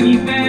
even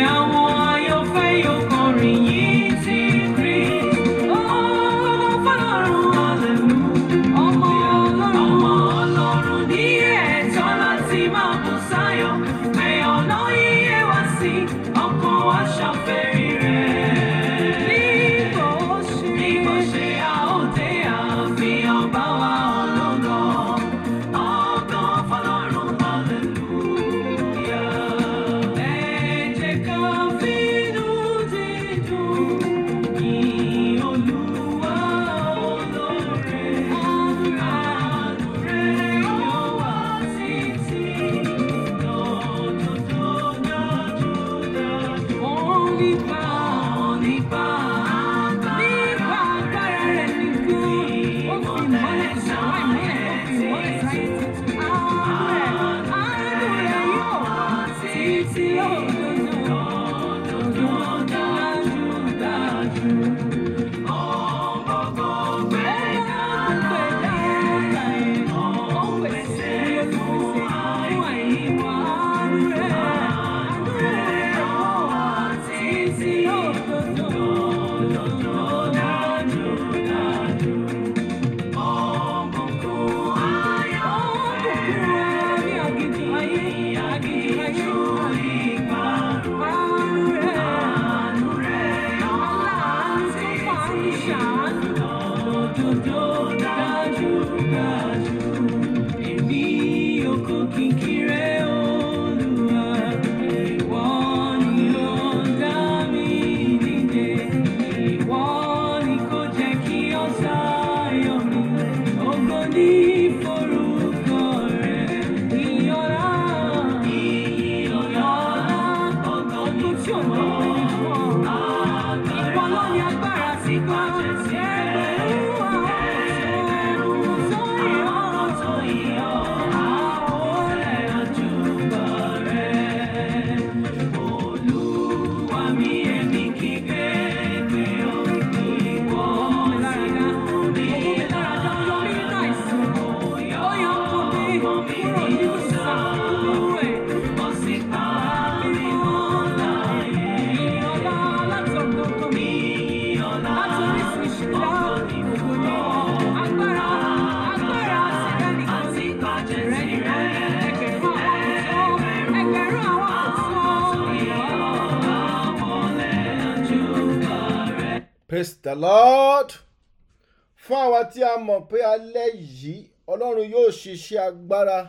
tí a mọ̀ pé alẹ́ yìí ọlọ́run yóò ṣiṣẹ́ agbára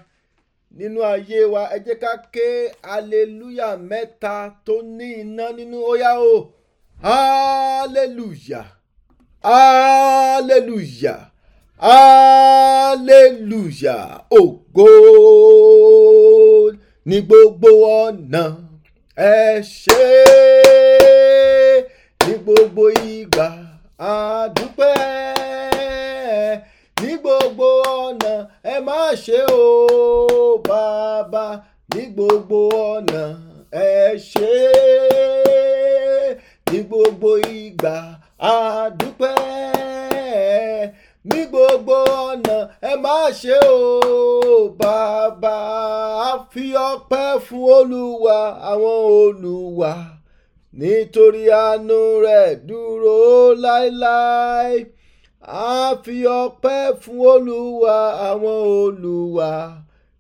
nínú ayé wa ẹ jẹ́ ká ké aleluya mẹ́ta tó ní iná nínú óyá o aleluya aleluya aleluya ògo ní gbogbo ọ̀nà ẹ ṣé ní gbogbo ìgbà àdúpẹ́ ní gbogbo ọ̀nà ẹ má ṣe o bàbá ní gbogbo ọ̀nà ẹ ṣe ní gbogbo ìgbà a dúpẹ́ ní gbogbo ọ̀nà ẹ má ṣe o bàbá fi ọpẹ́ fún olúwa àwọn olúwa nítorí àánú rẹ̀ dúró láéláé a fi ọpẹ́ fún olúwa àwọn olúwa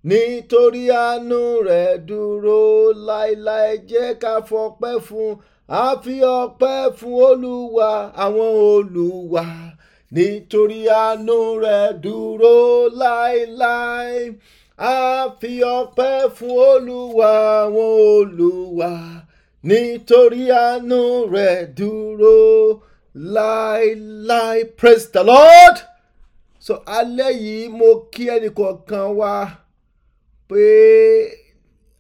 nítorí àánú rẹ̀ dúró láéláé jẹ́ ká fọpẹ́ fún a fi ọpẹ́ fún olúwa àwọn olúwa nítorí àánú rẹ̀ dúró láéláé a fi ọpẹ́ fún olúwa àwọn olúwa nítorí àánú rẹ̀ dúró láéláé. Lie, lie! praise the lord so alẹ́ yìí mo kí ẹnìkọ̀ọ̀kan wa pé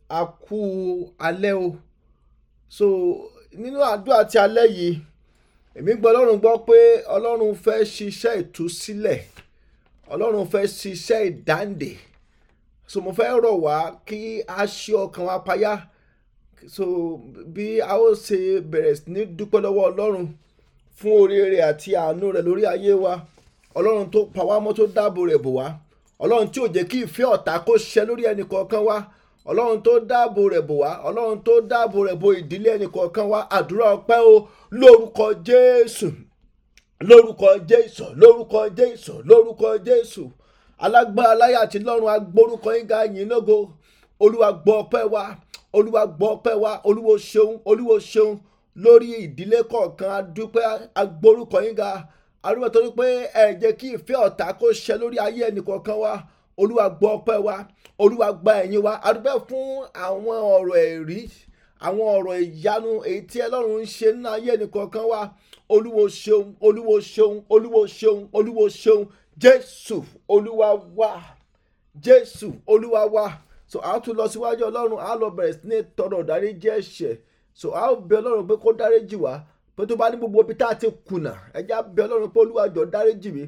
a kú alẹ́ o so nínú àdúrà ti alẹ́ yìí èmi gbọ́ ọlọ́run gbọ́ pé ọlọ́run fẹ́ ṣiṣẹ́ ìtúsílẹ̀ ọlọ́run fẹ́ ṣiṣẹ́ ìdáǹdè so mo fẹ́ rọ̀ wá kí a ṣí ọkàn wa payá so bí a ó ṣe bẹ̀rẹ̀ ní dúpẹ́ lọ́wọ́ ọlọ́run. fún oore rẹ̀ àti àánú rẹ̀ lórí ayé wa ọlọ́run tó pa wá mọ́ tó dáàbò rẹ̀ bò wá ọlọ́run tí ò jẹ́ kí ìfẹ́ ọ̀tá kó ṣẹ lórí ẹnì kọ̀ọ̀kan wá ọlọ́run tó dáàbò rẹ̀ bò wá ọlọ́run tó dáàbò rẹ̀ bò ìdílé ẹnì kọ̀ọ̀kan wá àdúrà ọpẹ́ o lórúkọ jésù lórúkọ jésù lórúkọ jésù lórúkọ jésù alágbára láyé àti lọ́run agbórúkọ yín ga yín lógo olúwa gbọ́ ọpẹ́ wá olúwa gbọ́ ọpẹ́ wa olúwo ṣeun olúwo ṣeun lórí ìdílé kọ̀ọ̀kan adúpẹ́ agbórúkọ yín ga arúgbó torí pé ẹ jẹ́ kí ìfẹ́ ọ̀tá kó ṣẹ lórí ayé ẹnìkọ̀ọ̀kan wa olúwa gbọ́ ọpẹ́ wa olúwa gba ẹ̀yìn wa adúpẹ́ fún àwọn ọ̀rọ̀ ẹ̀rí àwọn ọ̀rọ̀ ìyanu èyí tí ẹlọ́run ń ṣe nínú ayé ẹnìkọ̀ọ̀kan wa olúwo ṣeun olúwo ṣeun olúwo ṣeun olúwo ṣeun jésù olúwa wa jésù olúwa wa so àá tún lọ síwájú ọlọ́run àá lọ bẹ̀rẹ̀ sí ní tọrọ ìdáríjì ẹ̀ṣẹ̀ so a ó bẹ ọlọ́run pé kó dáríjì wá pé tó bá ní gbogbo ibi tá a ti kùnà ẹja bẹ ọlọ́run pé olúwa jọ dáríjì mi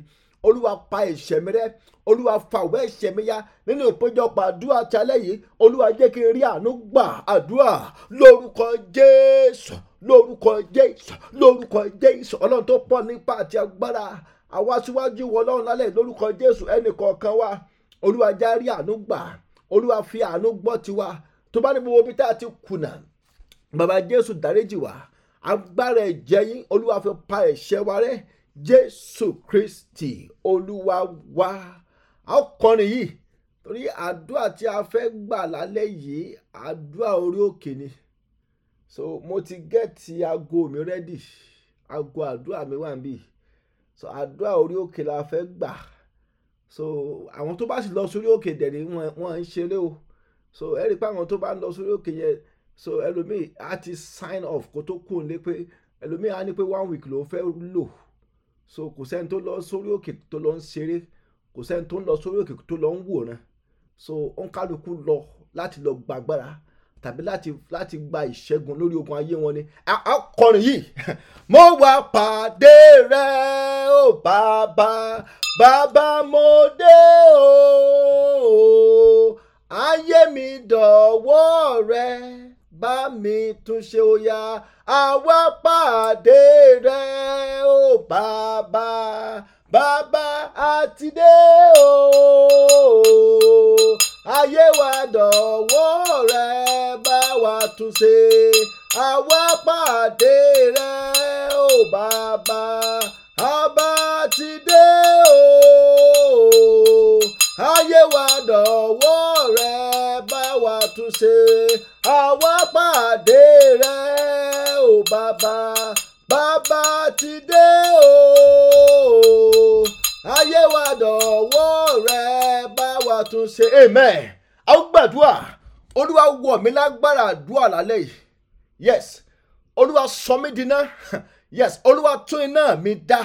olúwa pa ẹ̀ṣẹ̀ mi rẹ́ olúwa fàwọ́ ẹ̀ṣẹ̀ mi ya nínú ìpéjọpọ̀ àdúrà tí yìí olúwa jẹ́ kí n rí àánú gbà àdúrà lórúkọ jésù lórúkọ jésù lórúkọ jésù ọlọ́run tó pọ̀ nípa àti agbára àwa síwájú ọlọ́run lálẹ́ lórúkọ jésù ẹnìkọ̀ọ̀kan wa olúwa já rí àánú gbà olúwa fi àánú gbọ́ tiwa tó bá ní gbogbo ibi tá a ti kùnà bàbá jésù dáríjì wá agbára ẹ̀jẹ̀ yín olúwa fi pa ẹ̀ṣẹ̀ wa rẹ́ jésù kristi olúwa wá a kọrin yìí torí àdúrà tí a fẹ́ gbà lálẹ́ yìí àdúrà orí òkè ni so mo ti gẹ́ẹ̀tì aago mi rẹ́dì aago àdúrà mi wà níbí so àdúrà orí òkè la fẹ́ gbà so àwọn tó bá sì lọ sórí òkè dẹ̀ ni ń ṣeré o so ẹ̀rí pé àwọn tó bá ń lọ sórí òkè yẹn so ẹlòmíì á ti sign off kó tó kún un lé pé ẹlòmíì á ní pé one week ló fẹ́ lò so kò sẹ́ni tó lọ sórí òkè tó lọ ń ṣeré kò sẹ́ni tó ń lọ sórí òkè tó lọ ń wòran so òǹkálukú lọ láti lọ gbàgbára tàbí láti láti gba ìṣẹ́gun lórí ogun ayé wọn ni akọrin yìí mo wá pàdé rẹ ó bàbá bàbá mo dé o ayé mi dọ̀wọ́ rẹ bá mi tún ṣe ó yá àwa pàdé rẹ ó bàbá bàbá àtidé o ayé wa dọ̀wọ́ rẹ bá wa tún ṣe àwa pàdé rẹ ó bàbá bàbá àtidé o ayé wa dọ̀wọ́ rẹ bá wa tún ṣe àwa pàdé rẹ ò bàbá bàbá ti dé o ayé wa dọ̀wọ́ rẹ bá wa tún ṣe amen a ó gbàdúrà olúwa wọ̀ mí lágbára àdúrà lálẹ́ yìí yes olúwa sọ mí dínà yes olúwa tún iná mi dá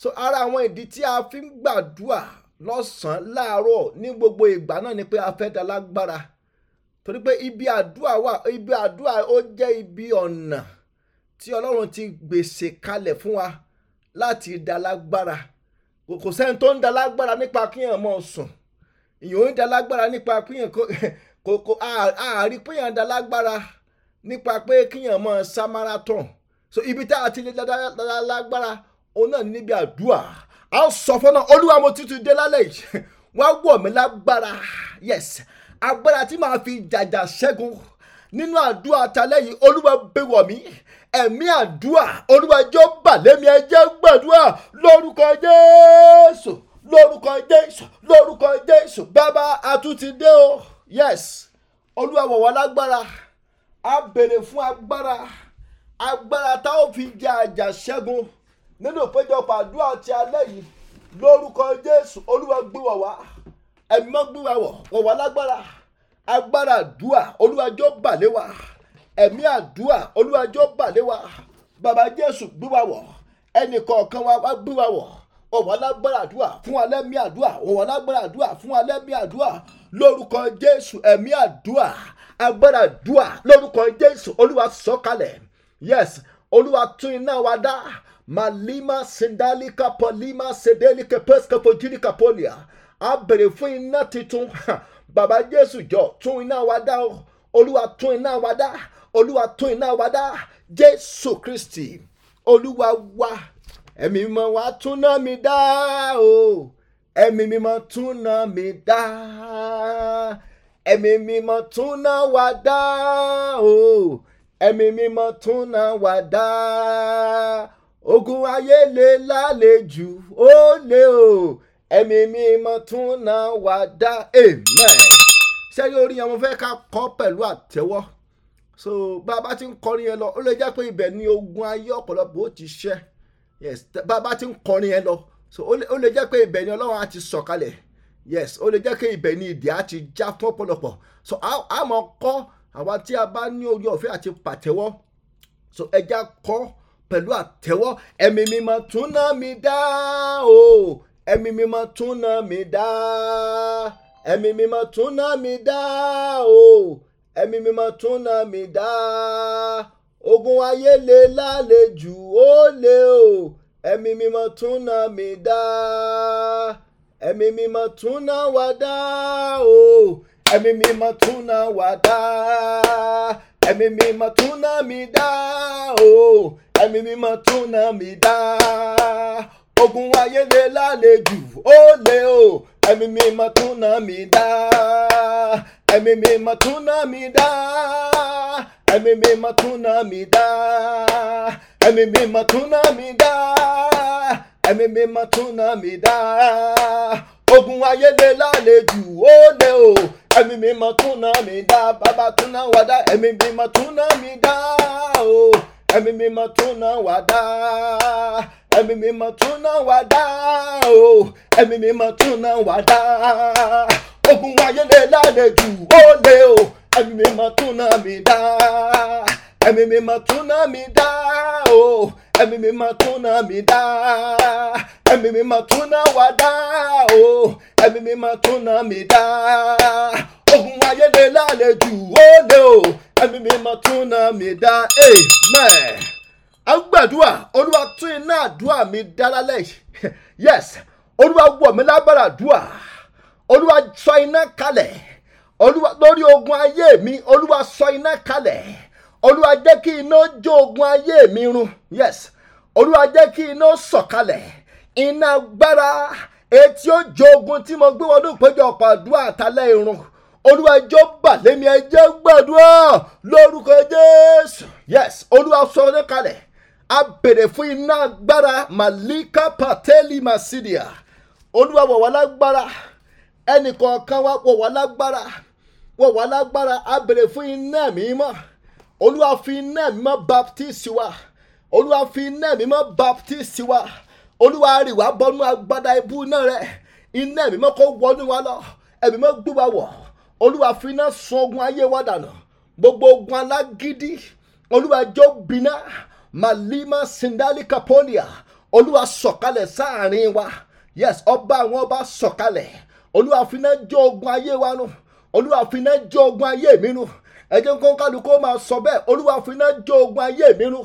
so ara àwọn ìdí tí a fi ń gbàdúrà lọ́sàn-án láàárọ̀ ní gbogbo ìgbà náà ni pé a fẹ́ da lágbára torí pé ibi àdúrà wà ibi àdúrà ó jẹ́ ibi ọ̀nà tí ọlọ́run ti gbèsè kalẹ̀ fún wa láti da lágbára kò sẹ́ni tó ń da lágbára nípa kíyàn mọ́ sùn ìyóò ń da lágbára nípa kíyàn kò kò àárí kíyàn da lágbára nípa pé kíyàn mọ́ sá marathon so ibi tá a ti lè da lágbára òun náà níbi àdúrà a ó sọ fọ́nà olúwa mo tuntun dé lálẹ́ yìí wá wọ̀ mí lágbára yes agbára tí màá fi jàjà ṣẹ́gun nínú àdúrà talẹ́ yìí olúwa bẹ̀wọ̀ mí ẹ̀mí àdúrà olúwa jọ bàlẹ́mi ẹ jẹ́ gbàdúrà lórúkọ jésù lórúkọ jésù lórúkọ jésù bàbá àtúntìdé o yes olúwa wọ̀ wá lágbára a béèrè fún agbára agbára tá ó fi jàjà ṣẹ́gun nínú ìpéjọpọ̀ àdúrà ti alẹ́ yìí lórúkọ jésù olúwa gbé wa wá ẹ̀mí mọ́ gbé wa wọ̀ wọ̀ wá lágbára agbára àdúrà olúwa jọ bàlẹ́ wa ẹ̀mí àdúrà olúwa jọ bàlẹ́ wa bàbá jésù gbé wa wọ̀ ẹnì kọ̀ọ̀kan wa wá gbé wa wọ̀ wọ̀ wá lágbára àdúrà fún alẹ́ mi àdúrà wọ̀ wá lágbára àdúrà fún alẹ́ mi àdúrà lórúkọ jésù ẹ̀mí àdúrà agbára àdúrà lórúkọ jésù olúwa sọ̀kalẹ̀ yes olúwa tún iná wa dá malima sendalika polima sedelike peskepojíríkà polia a bèrè fún iná titun bàbá jésù jọ tún iná wa dá olúwa tún iná wa dá olúwa tún iná wa dá jésù kristi olúwa wa ẹ̀mí mímọ́ wa tún náà mi dá o ẹ̀mí mímọ́ tún náà mi dá ẹ̀mí mímọ́ tún náà wa dá o ẹ̀mí mímọ́ tún náà wa dá ogun ayé lè lálejò ó lè o ẹ̀mí mímọ́ tún náà wá dá amen. sẹ́yìn orin yẹn mo fẹ́ ká kọ́ pẹ̀lú àtẹ́wọ́ so bá a bá ti ń kọrin yẹn lọ ó lè jẹ́ pé ibẹ̀ ni ogun ayé ọ̀pọ̀lọpọ̀ ó ti ṣẹ́ yes bá a bá ti ń kọrin yẹn lọ so ó lè jẹ́ pé ibẹ̀ ni ọlọ́run á ti sọ̀kalẹ̀ yes ó lè jẹ́ pé ibẹ̀ ni ìdí á ti já fún ọ̀pọ̀lọpọ̀ so a mọ̀ kọ́ àwa tí a bá ní ojú ọ̀fẹ́ àti pàtẹ́wọ́ so ẹja kọ́ pẹ̀lú àtẹ́wọ́ ẹ̀mí mímọ́ tún ná mi dá o ẹ̀mí mímọ́ tún ná mi dá ẹ̀mí mímọ́ tún ná mi dá o ẹ̀mí mímọ́ tún ná mi dá ogun ayé le lálejò ó le o ẹ̀mí mímọ́ tún ná mi dá ẹ̀mí mímọ́ tún ná wa dá o ẹ̀mí mímọ́ tún ná wa dá ẹ̀mí mímọ́ tún ná mi dá o ẹ̀mí mímọ́ tún nà mí dá ogun ayélé lálejò ó lé o ẹ̀mí mímọ́ tún nà mí dá ẹ̀mí mímọ́ tún nà mí dá ẹ̀mí mímọ́ tún nà mi dá ẹ̀mí mímọ́ tún nà mí dá ẹ̀mí mímọ́ tún nà mí dá ogun ayélé lálejò ó lé o ẹ̀mí mímọ́ tún nà mí dá bàbá tún nà wá dá ẹ̀mí mímọ́ tún nà mí dá o ẹ̀mí mímọ́ tún náà wá dá ẹ̀mí mímọ́ tún náà wá dá o ẹ̀mí mímọ́ tún náà wá dá ogun ayé lè lálejò ó lé o ẹ̀mí mímọ́ tún náà mi dá ẹ̀mí mímọ́ tún náà mi dá o ẹ̀mí mímọ́ tún náà mi dá ẹ̀mí mímọ́ tún náà wá dá o ẹ̀mí mímọ́ tún náà mi dá ogun ayédè lálejò ó lé o ẹ̀mí mi mọ tún náà mi dá amen. a ń gbàdúrà olúwa tún iná àdúrà mi dá lálẹ́ yes olúwa wọ̀ mí lágbára àdúrà olúwa sọ iná kalẹ̀ olúwa lórí ogun ayé mi olúwa sọ iná kalẹ̀ olúwa jẹ́ kí iná jó ogun ayé mi run yes olúwa jẹ́ kí iná sọ̀kalẹ̀ iná agbára etí ó jó ogun tí mo gbé wọnú ìpéjọpọ̀ àdúrà àtàlẹ́ irun olúwa ẹjọ́ bà lémi ẹjẹ́ gbàdúrà lórúkọ jésù yes olúwa sọ ọ́ kalẹ̀ a bèrè fún iná agbára màlíkà pàtẹ́lì màsídìà olúwa wọ̀ wá lágbára ẹnìkọ̀ọ̀kan wa wọ̀ wá lágbára wọ̀ wá lágbára a fún iná mímọ́ olúwa fi iná mímọ́ baptisi wa olúwa fi iná mímọ́ baptisi wa olúwa rì wá bọ́nú agbada ibú náà rẹ̀ iná mímọ́ kó wọnú wa lọ ẹ̀mí mọ́ gbúwa wọ̀ olúwa finá sun ogun ayé wa dànù gbogbo ogun alágídí olúwa jó bínà màlímà sindali kapolia olúwa sọ̀kalẹ̀ sáàrin wa yes ọba àwọn ọba sọ̀kalẹ̀ olúwa finá jó ogun ayé wa nù olúwa finá jó ogun ayé mi nù ẹ jẹ́ kó kálukó máa sọ bẹ́ẹ̀ olúwa finá jó ogun ayé mi nù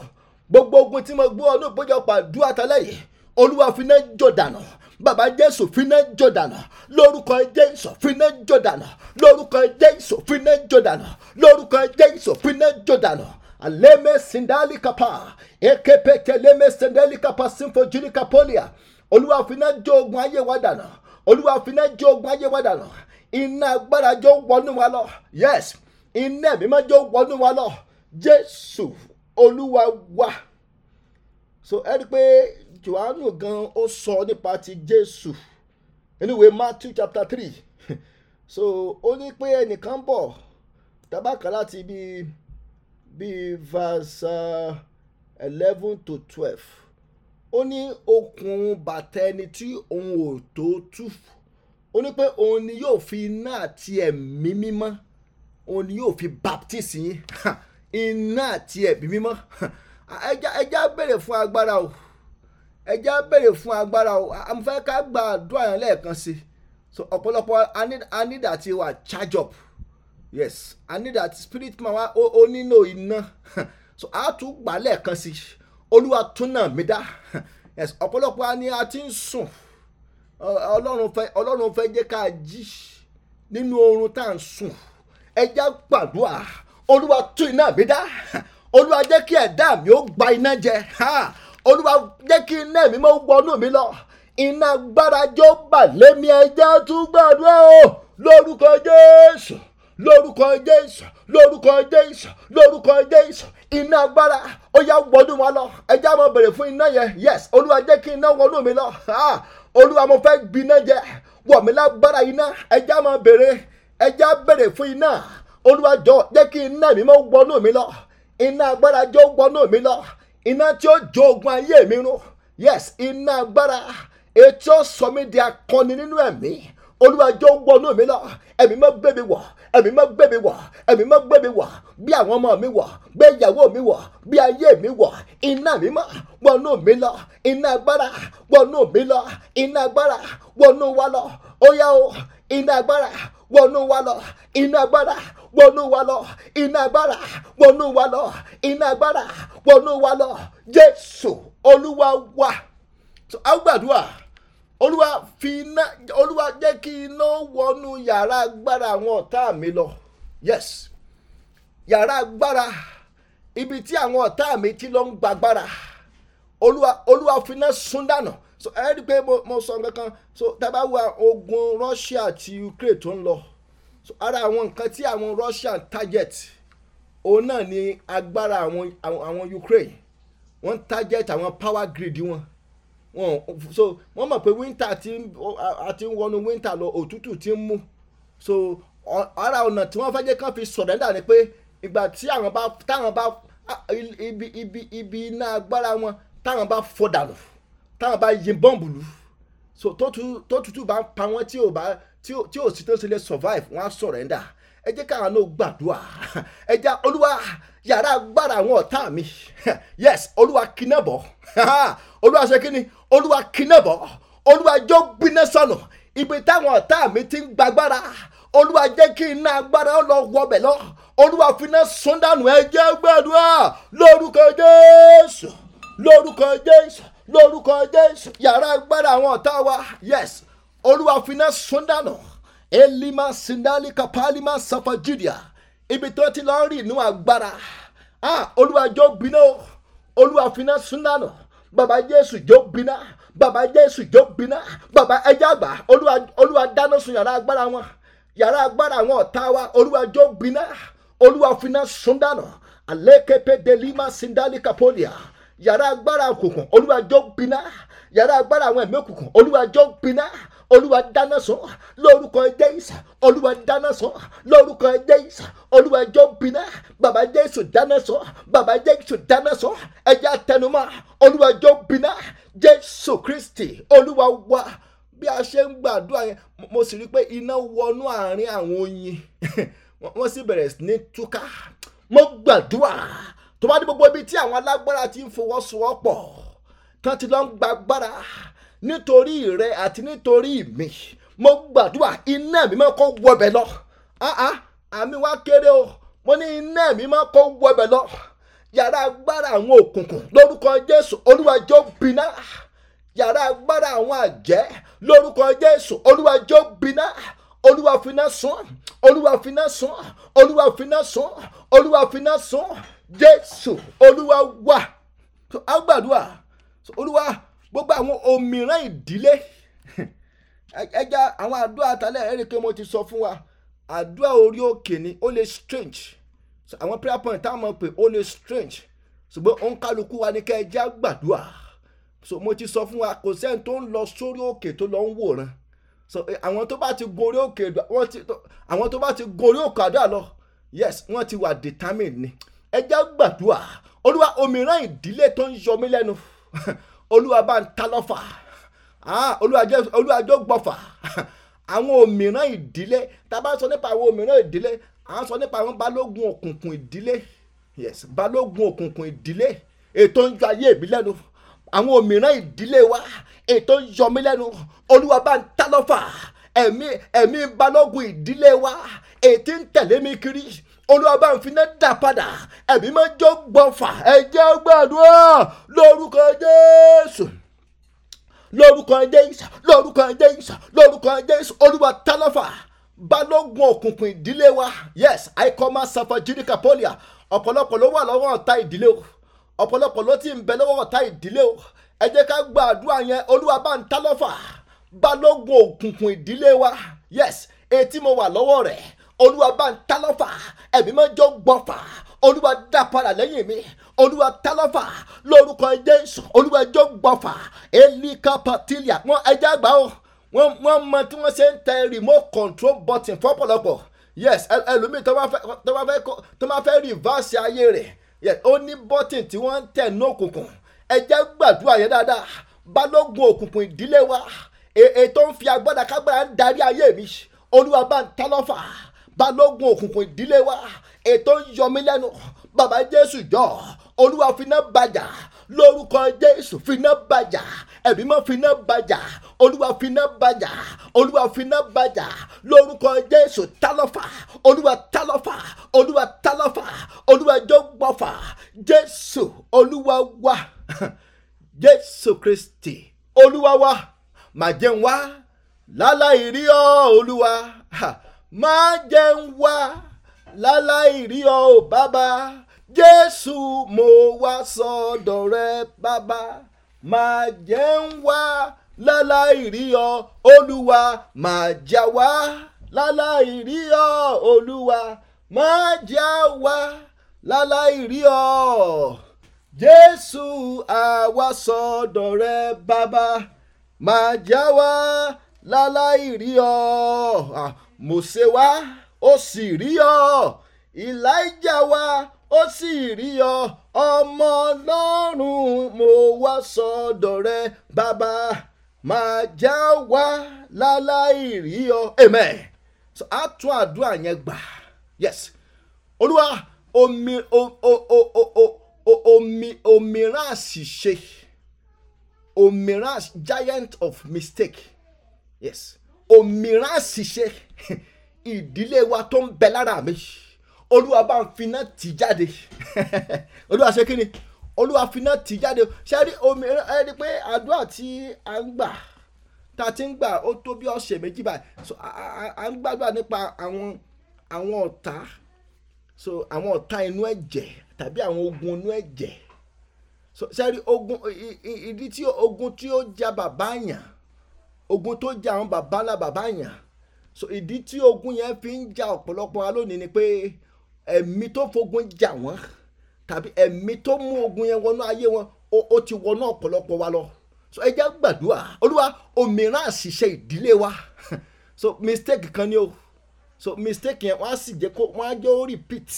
gbogbo ogun tí mo gbọ́ ọdún ìpéjọpọ̀ àdúrà tẹ́lẹ̀ yìí olúwa finá jó dànù bàbá jésù finá jọdànà lórúkọ jésù finá jọdànà lórúkọ jésù finá jọdànà lórúkọ jésù finá jọdànà aleme sindali kapa ekepeke leme sindali kapa sinfo kapolia olúwa finá jó ogun ayé wa dànà olúwa finá jó ogun ayé wa dànà iná agbára jó wọnú wa lọ yes iná ẹ̀mí máa jó wọnú wa lọ jésù olúwa wa so ẹ pé Jòhánù gan ó sọ nípa ti Jésù nínú ìwé Matthew chapter three so ó ní pé ẹnìkan bọ̀ tabaka láti bíi bíi verse uh, eleven to twelve ó ní okùn bàtà ẹni tí òun ò tó tú ó ní pé òun ni yóò fi iná àti ẹ̀mí mímọ́ òun ni yóò fi baptist yín iná àti ẹ̀mí mímọ́ ẹja ẹja béèrè fún agbára o ẹ jẹ́ á béèrè fún agbára o àmọ́ fẹ́ ká gba àdúrà yẹn lẹ́ẹ̀kan sí so ọ̀pọ̀lọpọ̀ I need I need àti wà charge up yes I need àti spirit man wa ó nílò iná so a tún gbà lẹ́ẹ̀kan sí olúwa tún náà mi dá yes ọ̀pọ̀lọpọ̀ a ni a ti ń sùn ọlọ́run fẹ́ ọlọ́run fẹ́ jẹ́ ká jí nínú oorun tá à ń sùn ẹ jẹ́ gbàdúrà olúwa tún iná mi dá olúwa jẹ́ kí ẹ̀dá mi ó gba iná jẹ ha olúwa jẹ́ kí iná ẹ̀mí mọ́ wọnú mi lọ iná agbára jó bà lémi ẹjẹ́ tún gbàdúrà o lórúkọ jésù lórúkọ jésù lórúkọ jésù lórúkọ jésù iná agbára ó yá wọnú wa lọ ẹjẹ́ àmọ́ bèrè fún iná yẹn yes olúwa jẹ́ kí iná wọnú mi lọ olúwa mo fẹ́ gbiná jẹ wọ̀ mí lágbára iná ẹjẹ́ àmọ́ bèrè ẹjẹ́ àbèrè fún iná olúwa jọ jẹ́ kí iná mi mọ́ wọnú mi lọ iná agbára jó wọnú mi lọ iná tí ó jó ogun ayé mi run yes iná agbára etí ó sọ mí di akọni nínú ẹ̀mí olùwàjọ wọnú mi lọ ẹ̀mí má gbé mi wọ̀ ẹ̀mí má gbé mi wọ̀ ẹ̀mí má gbé mi wọ̀ bí àwọn ọmọ mi wọ̀ bí ìyàwó mi wọ̀ bí ayé mi wọ̀ iná mi mọ́ wọnú mi lọ iná agbára wọnú mi lọ iná agbára wọnú wa lọ ó yá o iná agbára wọnú wa lọ iná agbára wọnú wa lọ iná agbára wọnú wa lọ iná agbára wọnú wa lọ jésù olúwa wa so a gbàdúrà olúwa fi iná olúwa jẹ́ kí iná wọnú yàrá agbára àwọn ọ̀tá mi lọ yes yàrá agbára ibi tí àwọn ọ̀tá mi ti lọ ń gbagbára olúwa olúwa fi iná sún dànù so ẹ rí i pé mo sọ nǹkan kan so tábà wo ogun Russia àti Ukraine tó ń lọ so ara àwọn nǹkan tí àwọn Russian target òun náà ni agbára àwọn àwọn Ukraine wọ́n target àwọn power grid wọn wọn so wọ́n mọ̀ pé winter àti wọnú winter lọ òtútù ti ń mú so ara ọ̀nà tí wọ́n fẹ́ jẹ́ kán fi sọ̀rẹ́ndà ni pé ìgbà tí àwọn bá táwọn bá ibi ibi ibi iná agbára wọn táwọn bá fọ́ dànù táwọn bá yin bọ́ǹbù lù so tó tutù bá ń pa wọ́n tí ò bá tí ò sí tó ṣe lè survive wọ́n á surrender ẹ jẹ́ káwọn náà gbàdúrà ẹ jẹ́ olúwa yàrá agbára àwọn ọ̀tá mi yes olúwa kiná bọ̀ olúwa ṣe kí ni olúwa kiná bọ̀ olúwa jọ gbiná sọnù ibi táwọn ọ̀tá mi ti ń gbàgbára olúwa jẹ́ kí iná agbára lọ wọbẹ̀ lọ olúwa finá sundanu ẹ jẹ́ gbàdúrà lórúkọ jésù lórúkọ jésù lórúkọ jésù yàrá agbára àwọn ọ̀tá wa yes olúwa finá sundana elima sindali kapalima safa judia ibi tó ti lọ rí inú agbára ah olúwa jó gbiná o olúwa finá sundana baba jésù jó gbiná baba jésù jó gbiná baba ẹja àgbà olúwa olúwa dáná sun yàrá agbára wọn yàrá agbára àwọn ọ̀tá wa olúwa jó gbiná olúwa finá sundana aleke delima sindali kapolia yàrá agbára òkùnkùn olúwa jọ gbiná yàrá agbára àwọn ẹ̀mí òkùnkùn olúwa jọ gbiná olúwa dáná sọ lórúkọ jésù olúwa dáná sọ lórúkọ jésù olúwa jọ bínà bàbá jésù dáná sọ bàbá jésù dáná sọ ẹjẹ àtẹnumọ́ olúwa jọ bínà jésù kristi olúwa wá bí a ṣe ń gbàdúrà yẹn mo sì rí i pé iná wọnú àárín àwọn oyin wọ́n sì bẹ̀rẹ̀ sí ní túká mo gbàdúrà tó bá dé gbogbo ibi tí àwọn alágbára ti ń fọwọ́sowọ́pọ̀ tán ti lọ ń gbàgbára nítorí rẹ àti nítorí mi mo gbàdúrà iná mi máa kọ́ wọbẹ̀ lọ àmì wa kéré o mo ní iná mi máa kọ́ wọbẹ̀ lọ yàrá agbára àwọn òkùnkùn lórúkọ Jésù olúwàjọ bínà yàrá agbára àwọn àjẹ́ lórúkọ Jésù olúwàjọ bínà olúwàfínà sùn olúwàfínà sùn olúwàfínà sùn olúwàfínà sùn jésù olúwa wà so a gbàdúrà so olúwa gbogbo àwọn òmìrán ìdílé ẹja àwọn àdúrà àtàlẹ ẹrẹ pé mo ti sọ fún wa àdúrà orí òkè ni ó lè strange so àwọn prayer point tá a mọ̀ pé ó lè strange ṣùgbọ́n òun kálukú wa ni ká ẹja gbàdúrà so mo ti sọ fún wa kò sẹ́ni tó ń lọ sórí òkè tó lọ ń wòran so àwọn tó bá ti gorí òkè àwọn tó bá ti gorí òkè àdúrà lọ yes wọ́n ti wà determined ni ẹjẹ́ gbàdúrà olúwa òmíràn ìdílé tó ń yọ mí lẹ́nu olúwa bá ń ta lọ́fà ah, olúwa jọ gbọ́fà àwọn òmíràn ìdílé tá a bá sọ nípa àwọn òmíràn ìdílé à ń sọ nípa àwọn balógun òkùnkùn ìdílé yes balógun òkùnkùn ìdílé ètò ń yọ ayé mi lẹ́nu àwọn òmíràn ìdílé wa ètò ń yọ mí lẹ́nu olúwa bá ń ta lọ́fà ẹ̀mí balógun ìdílé wa ètí ń tẹ̀lé mi kiri olúwa bá ń finá dà padà ẹ̀mí máa jó gbọ̀fà ẹ̀jẹ̀ gbàdúrà lórúkọ jésù lórúkọ jésù lórúkọ jésù lórúkọ jésù olúwa tálọ́fà balógun òkùnkùn ìdílé wa yes àìkọ́má safa jírika pọ́lìà ọ̀pọ̀lọpọ̀ ló wà lọ́wọ́ ọ̀tá ìdílé o ọ̀pọ̀lọpọ̀ ló ti ń bẹ lọ́wọ́ ọ̀tá ìdílé o ẹ jẹ́ ká gbàdúrà yẹn olúwa bá ń tálọ́fà balógun òkùnkùn ìdílé wa yes etí mo wà lọ́wọ́ rẹ̀ olúwa bá ń ta lọ́fà ẹ̀mí máa ń jọ gbọ́fà olúwa dá padà lẹ́yìn mi olúwa tálọ́fà lórúkọ jésù olúwa jọ gbọ́fà elika patilia wọn ẹja àgbà o wọn wọn mọ tí wọn ṣe ń tẹ remote control button fọ́pọ̀lọpọ̀ yes ẹlòmíì tó bá fẹ́ tó bá fẹ́ reverse ayé rẹ̀ yes ó ní button tí wọ́n ń tẹ̀ ní òkùnkùn ẹja gbàdúrà yẹn dáadáa balógun òkùnkùn ìdílé wa ètò ń fi agbára kágbára ń darí ayé mi olúwa bá ń tálọ́fà balógun òkùnkùn ìdílé wa ètò ń yọ mí lẹ́nu bàbá jésù jọ olúwa finá bàjà lórúkọ jésù finá bàjà ẹ̀mí mọ́ finá bàjà olúwa finá bàjà olúwa finá bàjà lórúkọ jésù tálọ́fà olúwa tálọ́fà olúwa tálọ́fà olúwa jọ́gbọ́fà jésù olúwa wa jésù kristi olúwa wa màjẹun wa láláì rí ọ olúwa. Ha má jẹ́ ń wá láláì rí ọ ò bàbá jésù mo wá sọ́dọ̀ rẹ bàbá má jẹ́ ń wá láláì rí ọ olúwa má já wá láláì rí ọ olúwa má já wá láláì rí ọ jésù àwa sọ́dọ̀ rẹ bàbá má já wá láláì rí ọ. Ah. Mósè wá ó sì rí ọ Èlíjà wá ó sì rí ọ ọmọ Ọlọ́run mo wá sọ́dọ̀ rẹ bàbá máa já wá láláì rí ọ amen so a tún àdúrà yẹn gbà yes olúwa omi omi omiran àṣìṣe omiran giant of mistake yes òmíràn àṣìṣe ìdílé wa tó ń bẹ lára mi olúwa bá ń finá tì jáde olúwa ṣe kí ni olúwa finá tì jáde ṣe rí òmíràn ẹ rí pé àdúrà tí a ń gbà tá a ti ń gbà ó tó bí ọ̀sẹ̀ méjì báyìí à ń gbàdúrà nípa àwọn àwọn ọ̀tá so àwọn ọ̀tá inú ẹ̀jẹ̀ tàbí àwọn ogun inú ẹ̀jẹ̀ so ṣe rí ogun ìdí tí ogun tí ó ja bàbá yàn ogun tó jà àwọn bàbá ńlá bàbá yàn so ìdí tí ogun yẹn fi ń jà ọ̀pọ̀lọpọ̀ wa lónìí ni pé ẹ̀mí tó fogun jà wọ́n tàbí ẹ̀mí tó mú ogun yẹn wọnú ayé wọn ó ti wọnú ọ̀pọ̀lọpọ̀ wa lọ so ẹ jẹ́ gbàdúrà olúwa òmíràn àṣìṣe ìdílé wa so mistake kan ni o so mistake yẹn wọ́n á sì jẹ́ kó wọ́n á jẹ́ ó repeat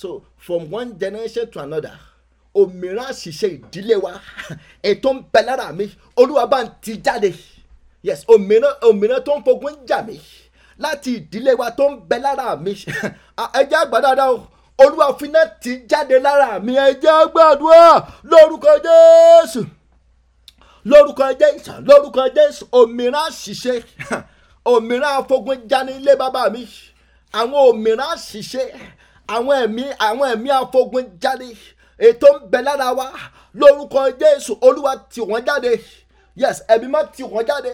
so from one generation to another òmíràn àṣìṣe ìdílé wa ètò ń bẹ lára mi olúwa bá ń ti jáde yes òmìnira òmìnira tó ń fogun jà mí láti ìdílé wa tó ń bẹ lára mi ẹjẹ àgbà dáadáa o olúwa finá ti jáde lára mi ẹjẹ gbàdúrà lórúkọ jésù lórúkọ jésù lórúkọ jésù òmìnira ṣiṣẹ́ òmìnira afogun jani ilé bàbá mi àwọn òmìnira ṣiṣẹ́ àwọn ẹ̀mí àwọn ẹ̀mí afogun jani ètò ń bẹ lára wa lórúkọ jésù olúwa tì wọ́n jáde yes ẹ̀mí máa tì wọ́n jáde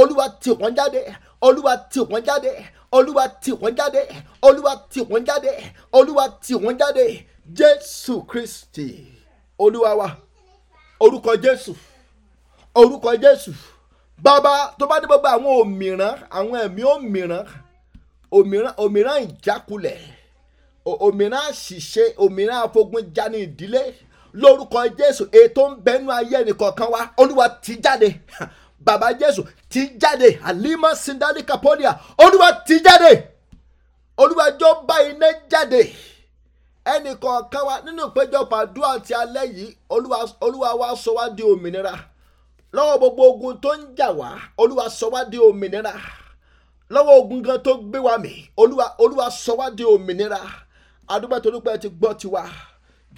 olúwa tì wọ́n jáde olúwa tì wọ́n jáde olúwa tì wọ́n jáde olúwa tì wọ́n jáde olúwa tì wọ́n jáde jésù kristi olúwa wa orúkọ jésù orúkọ jésù bàbá tó bá dé gbogbo àwọn òmìrán àwọn ẹ̀mí òmìrán òmìrán òmìrán ìjákulẹ̀ òmìrán àṣìṣe òmìrán afogun já ní ìdílé lórúkọ jésù ètò ń bẹnu ayé ẹnìkọ̀ọ̀kan wa olúwa ti jáde bàbá jésù ti jáde halima sindali kapolia olúwa ti jáde olúwa jọ bá iná jáde ẹnìkọ̀ọ̀kan wa nínú ìpéjọpọ̀ àdúrà ti alẹ́ yìí olúwa wa sọ wá di òmìnira lọ́wọ́ gbogbo ogun tó ń jà wá olúwa sọ wá di òmìnira lọ́wọ́ ogun gan tó gbé wa mì olúwa olúwa sọ wá di òmìnira àdúgbò tó dúpẹ́ ti gbọ́ tiwa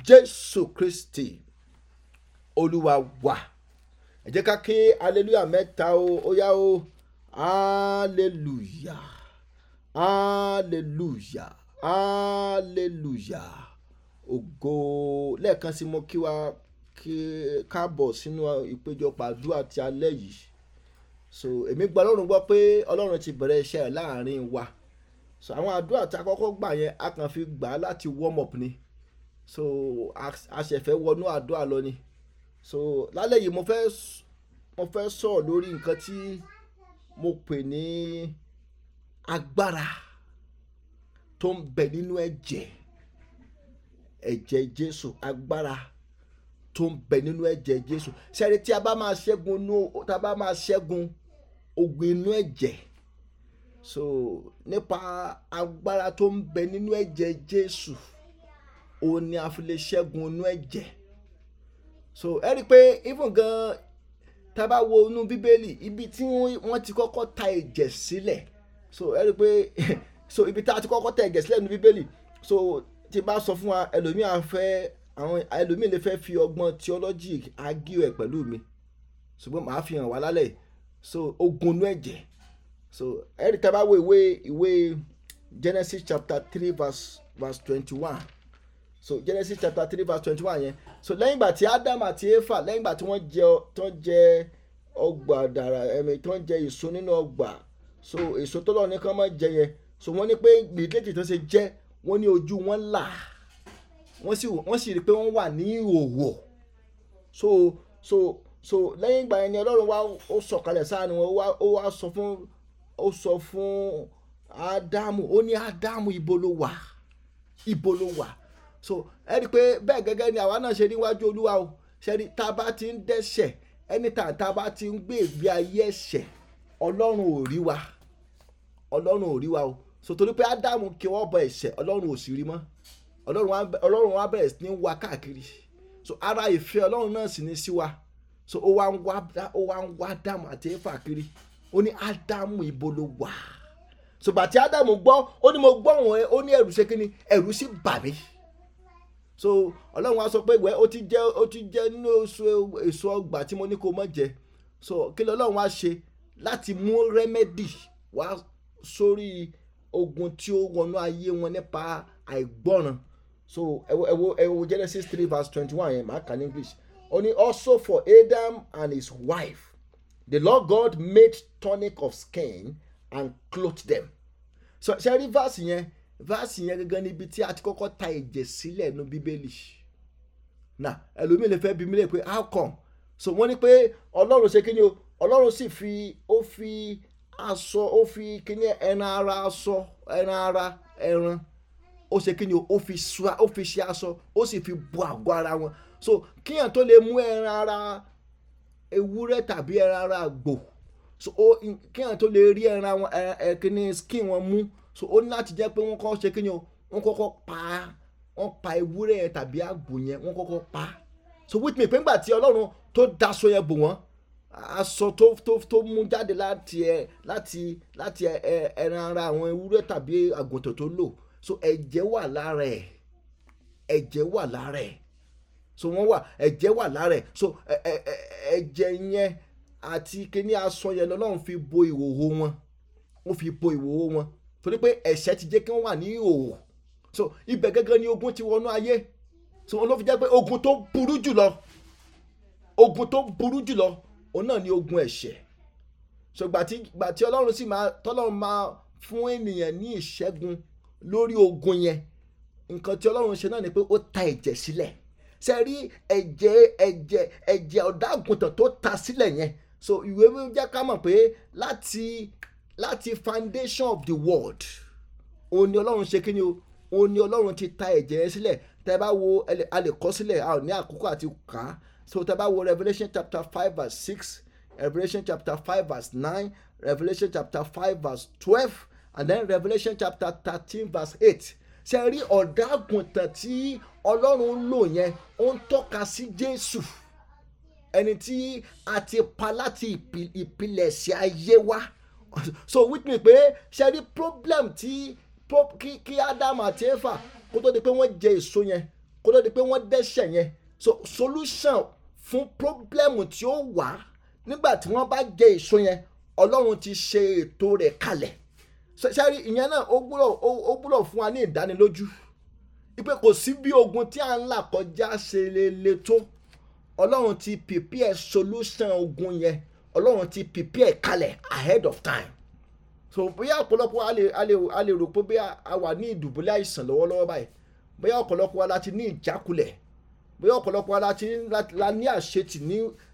jésù kristi olúwa wà ẹ jẹ́ ká ké hallelujah mẹ́ta o ó yá o hallelujah hallelujah hallelujah ògo lẹ́ẹ̀kan sí mo kí wa káàbọ̀ sínú ìpéjọpọ̀ àdúrà ti alẹ́ yìí so èmi gba ọlọ́run gbọ́ pé ọlọ́run ti bẹ̀rẹ̀ iṣẹ́ láàrin wa so àwọn àdúrà tá a kọ́kọ́ gbà yẹn a kàn fi gbà á láti warm up ni so a ṣẹ̀fẹ̀ wọnú àdúrà lọ ni so lálẹ́ yìí mo fẹ́ mo fẹ́ sọ̀rọ̀ lórí nǹkan tí mo pè ní agbára tó ń bẹ nínú ẹ̀jẹ̀ ẹ̀jẹ̀ Jésù agbára tó ń bẹ nínú ẹ̀jẹ̀ Jésù sẹ́ni tí a bá máa ṣẹ́gun inú tá bá máa ṣẹ́gun ogun inú ẹ̀jẹ̀ so nípa agbára tó ń bẹ nínú ẹ̀jẹ̀ Jésù. So, òun ni a fi lè ṣẹ́gun inú ẹ̀jẹ̀ so ẹ rí i pé even gan taba wo inú bíbélì ibi tí wọ́n ti kọ́kọ́ ta ẹ̀jẹ̀ sílẹ̀ so ẹ rí i pé so ibi tá a ti kọ́kọ́ ta ẹ̀jẹ̀ sílẹ̀ inú bíbélì so tí bá sọ fún wa ẹlòmíì á fẹ́ àwọn ẹlòmíì lè fẹ́ fi ọgbọ́n theology argue ẹ̀ pẹ̀lú mi ṣùgbọ́n màá fi hàn wá lálẹ́ so ogun inú ẹ̀jẹ̀ so ẹ rí i tá wo ìwé ìwé Genesis chapter three verse verse twenty-one so Genesis chapter three verse twenty-one yẹn so lẹ́yìn ìgbà tí Adam àti Efa lẹ́yìn ìgbà tí wọ́n jẹ tán jẹ ọgbà dàrà ẹ̀mí tán jẹ èso nínú ọgbà so èso tó lọ́ọ̀ ní kán máa jẹ yẹn so wọ́n ní pé méjèèjì tó ṣe jẹ́ wọ́n ní ojú wọn là wọ́n sì wọ́n sì rí i pé wọ́n wà ní ìhòòhò so so so lẹ́yìn ìgbà yẹn ni Ọlọ́run wá ó sọ̀kalẹ̀ sáà ni wọ́n ó wá sọ fún ó sọ fún Ádámù ó ní Ádámù ibo ló so ẹ rí i pé bẹ́ẹ̀ gẹ́gẹ́ ni àwa náà ṣe níwájú olúwa o ṣe ni tá a bá ti ń dẹ́ṣẹ̀ anytime tá a bá ti ń gbé ìgbé ayé ẹ̀ṣẹ̀ ọlọ́run ò rí wa ọlọ́run ò rí wa o so torí pé ádámù kí wọ́n bọ ẹ̀ṣẹ̀ ọlọ́run ò sì rí mọ́ ọlọ́run wa bẹ̀rẹ̀ sí ní wa káàkiri so ara ìfẹ́ ọlọ́run náà sì ní sí wa so ó wá ń wá ó wá ń wá ádámù àti éfà kiri ó ní ádámù ibo ló wà so bàtí ádámù gbọ́ ó ní mo gbọ́ òun ó ní ẹ̀rù ṣe kí ni ẹ̀rù sì bà mí so ọlọ́run wa sọ pé wẹ́ ó ti jẹ́ ó ti jẹ́ nínú èso ọgbà tí mo ní kó má jẹ so kí lọ́lọ́run wa ṣe láti mú rẹ́mẹ́dì wá sórí ogun tí ó wọnú ayé wọn nípa àìgbọ́ràn so ẹ wo ẹ wo ẹ wo Genesis three verse twenty-one yẹn màá kà English ó ní also for Adam and his wife the Lord God made tunic of skin and clothed them so ṣe rí verse yẹn vaasi yẹn gangan níbi tí a ti kọ́kọ́ ta ẹ̀jẹ̀ sílẹ̀ nu bíbélì na ẹlòmíì lè fẹ́ bí mi pé how come so wọ́n ní pé ọlọ́run ṣe kíni o ọlọ́run sì fi ó fi aṣọ ó fi kíni ẹran ara aṣọ ẹran ara ẹran ó ṣe kíni o ó fi ṣe aṣọ ó sì fi bo àgọ́ ara wọn so kíyàn tó lè mú ẹran ara ewúrẹ́ tàbí ẹran ara àgbò so kíyàn tó lè rí ẹran wọn ẹ̀kíní skin wọn mú so ó ní láti jẹ́ pé wọ́n kọ́ ṣe kí ni o wọ́n kọ́kọ́ pa wọ́n pa ewúrẹ́ tàbí àgbò yẹn wọ́n kọ́kọ́ pa so with me pé ńgbà tí ọlọ́run tó daṣọ yẹn bò wọ́n aṣọ tó tó tó mú jáde láti ẹ láti láti ẹ ẹran ara àwọn ewúrẹ́ tàbí àgùntàn tó lò so ẹ̀jẹ̀ wà lára ẹ̀ ẹ̀jẹ̀ wà lára ẹ̀ so wọ́n wà ẹ̀jẹ̀ wà lára ẹ̀ so ẹ̀jẹ̀ yẹn àti kíní aṣọ yẹn lọ́lọ́run fi bo ìhòòhò wọn ó fi bo ìhòòhò wọn torí pé ẹ̀ṣẹ̀ ti jẹ́ kí wọ́n wà ní ìhòòhò so ibẹ̀ gẹ́gẹ́ ni ogun ti wọnú ayé so wọn ló fi jẹ́ pé ogun tó burú jùlọ ogun tó burú jùlọ òun náà ni ogun ẹ̀ṣẹ̀ so gbàtí gbàtí ọlọ́run sì máa tọ́lọ́run máa fún ènìyàn ní ìṣẹ́gun lórí ogun yẹn nǹkan tí ọlọ́run ṣe náà ni pé ó ta ẹ̀jẹ̀ sílẹ̀ ṣe rí ẹ̀jẹ̀ ẹ̀jẹ̀ ẹ̀jẹ̀ ọ̀dà àgùntàn tó ta sílẹ̀ yẹn so ìwé mi jẹ́ ká mọ̀ pé láti láti foundation of the world òun ni ọlọ́run ṣe kíni o òun ni ọlọ́run ti ta ẹ̀jẹ̀ yẹn sílẹ̀ tẹ́ bá wo a lè kọ́ sílẹ̀ a ò ní àkókò àti kà á so tẹ́ bá wo Revelation chapter five verse six Revelation chapter five verse nine Revelation chapter five verse twelve and then Revelation chapter thirteen verse eight ṣe rí ọ̀dà àgùntàn tí ọlọ́run lò yẹn ó ń tọ́ka sí Jésù ẹni tí a ti pa láti ìpilẹ̀ṣẹ̀ ayé wa so which means pé ṣe rí problem tí kí Adam àti Eva kó tó di pé wọ́n jẹ èso yẹn kó tó di pé wọ́n dẹ́ṣẹ̀ yẹn so solution fún problem tí ó wà nígbà tí wọ́n bá jẹ èso yẹn Ọlọ́run ti ṣe ètò rẹ̀ kalẹ̀ ṣe rí ìyẹn náà ó gbúdọ̀ fún wa ní ìdánilójú ipe kò sí bí ogun tí à ń là kọjá ṣe lè le tó Ọlọ́run ti prepare solution ogun yẹn ọlọ́run ti prepare kalẹ̀ ahead of time so bóyá ọ̀pọ̀lọpọ̀ a lè a lè a lè rò pé bóyá a wà ní ìdùbúlẹ̀ àìsàn lọ́wọ́lọ́wọ́ báyìí bóyá ọ̀pọ̀lọpọ̀ wa la ti ní ìjákulẹ̀ bóyá ọ̀pọ̀lọpọ̀ wa la ti la ní àṣetì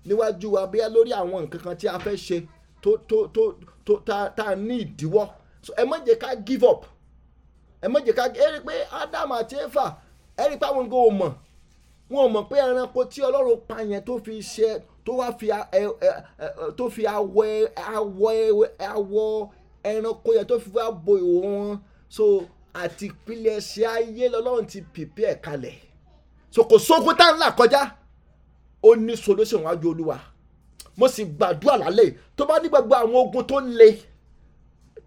níwájú wa bóyá lórí àwọn nǹkan kan tí a fẹ́ ṣe tó tó tó tó tá a ní ìdíwọ́ so ẹ má ká give up ẹ má jẹ́ ká ẹ rí i pé Ádámù àti Éfà ẹ rí i pé àwọn nǹkan ò mọ̀ wọn ò mọ̀ pé ẹranko tí Ọlọ́run pa yẹn tó fi ṣe tó wá fi tó fi awọ awọ awọ ẹranko yẹn tó fi wá bo ìwọ so àti ìpilẹ̀ṣẹ̀ ayé lọ́lọ́run ti pèpè ẹ̀ kalẹ̀ so kò sógun tá ńlá kọjá ó ní solution wájú olúwa mo sì gbàdúrà lálẹ́ tó bá ní gbogbo àwọn ogun tó le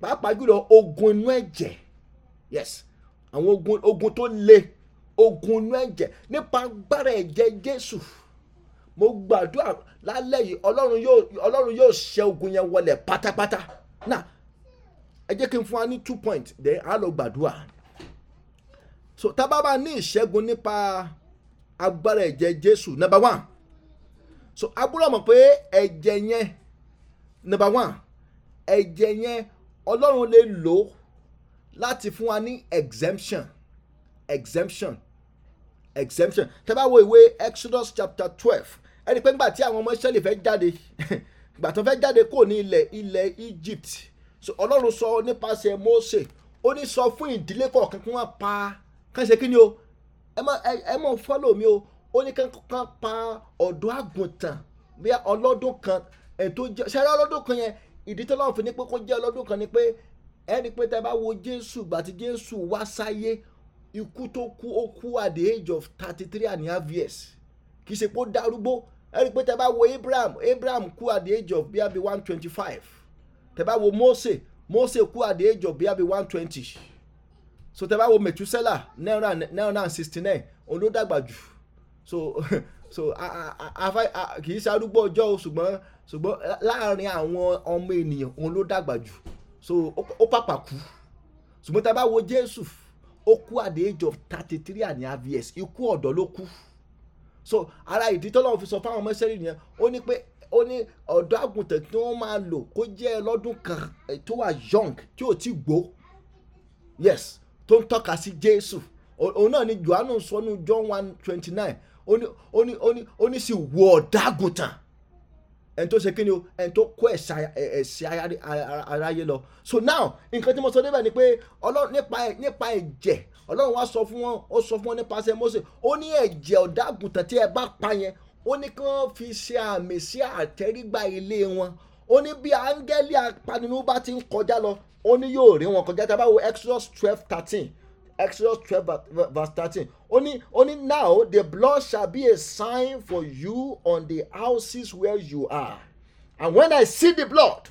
pàápàá jùlọ ogun inú ẹ̀jẹ̀ yes àwọn ogun ogun tó le ogun inú ẹ̀jẹ̀ nípa agbára ẹ̀jẹ̀ Jésù mo gbàdúrà lálẹ́ yìí ọlọ́run yóò ọlọ́run yóò ṣẹ́ ogun yẹn wọlẹ̀ pátápátá náà ẹ jẹ́ kí n fún wa ní two point then a lọ gbàdúrà so tábàbà ní ìṣẹ́gun nípa agbára ẹ̀jẹ̀ jésù number one so agbúrò mọ̀ pé ẹ̀jẹ̀ yẹn number one ẹ̀jẹ̀ yẹn ọlọ́run lè lò láti fún wa ní exemption exemption exemption tẹ́ bá ìwé exodus chapter twelve ẹni pé ńgbà tí àwọn ọmọ Ísírẹ́lì fẹ́ jáde ìgbà tó fẹ́ jáde kò ní ilẹ̀ ilẹ̀ Egypt Ọlọ́run sọ nípasẹ̀ Mósè ó ní sọ fún ìdílé kọ̀ọ̀kan kí wọ́n pa kán ṣe kí ni o ẹ mọ̀ fọ́lọ̀ mi o ó ní kán kán pa ọ̀dọ́ àgùntàn bí ọlọ́dún kan ètò jẹ ṣẹ́rẹ́ ọlọ́dún kan yẹn ìdí tó lọ́run fi ní pé kó jẹ́ ọlọ́dún kan ni pé ẹni pé tẹ́ bá wo Jésù gbà tí Jésù wá sáyé ikú tó kú ó kú at the age of thirty three and a half years kì í ṣe pé ó darúgbó ẹ̀rí pé tẹ bá wo abraham abraham kú at the age of bíi abi one twenty five tẹ bá wo mose mose kú at the age of bíi abi one twenty so tẹ bá wo metusela náírà náírà sixty nine òun ló dàgbà jù so so kì í ṣe arúgbó ọjọ́ o ṣùgbọ́n ṣùgbọ́n láàrin àwọn ọmọ ènìyàn òun ló dàgbà jù so ó pàpà kú ṣùgbọ́n tẹ bá wo jésù ó kú at the age of thirty three and a half years ikú ọ̀dọ́ ló kú so ara ìdí tọ́lọ́run fi sọ fáwọn ọmọ Ísírẹ́lì nìyẹn ó ní pé ó ní ọ̀dọ́ àgùntàn tí wọ́n máa lò kó jẹ́ lọ́dún kan eh, tó wà young tí ò tí gbó yes tó ń tọ́ka sí Jésù òun náà ni Jòhánù sọ John one twenty nine ó ní ó ní ó ní ó ní sì wọ ọ̀dọ́ àgùntàn ẹni tó ṣe kí ni o ẹni tó kó ẹ̀ṣẹ̀ aráyé lọ so now nǹkan tí mo sọ débẹ̀ ni pé ọlọ́run nípa ẹ̀jẹ̀ ọlọ́run wá sọ fún wọn ó sọ fún wọn nípasẹ̀ Mósè ó ní ẹ̀jẹ̀ ọ̀dọ́ àgùntàn tí ẹ bá pa yẹn ó ní kí wọ́n fi ṣe àmì sí àtẹ́rígbà ilé wọn ó ní bí áńgẹ́lì apanirun bá ti ń kọjá lọ ó ní yóò rí wọn kọjá tá a bá wo Exodus twelve thirteen Exodus twelve verse thirteen Only, only now the blood shall be a sign for you on the houses where you are and when I see the blood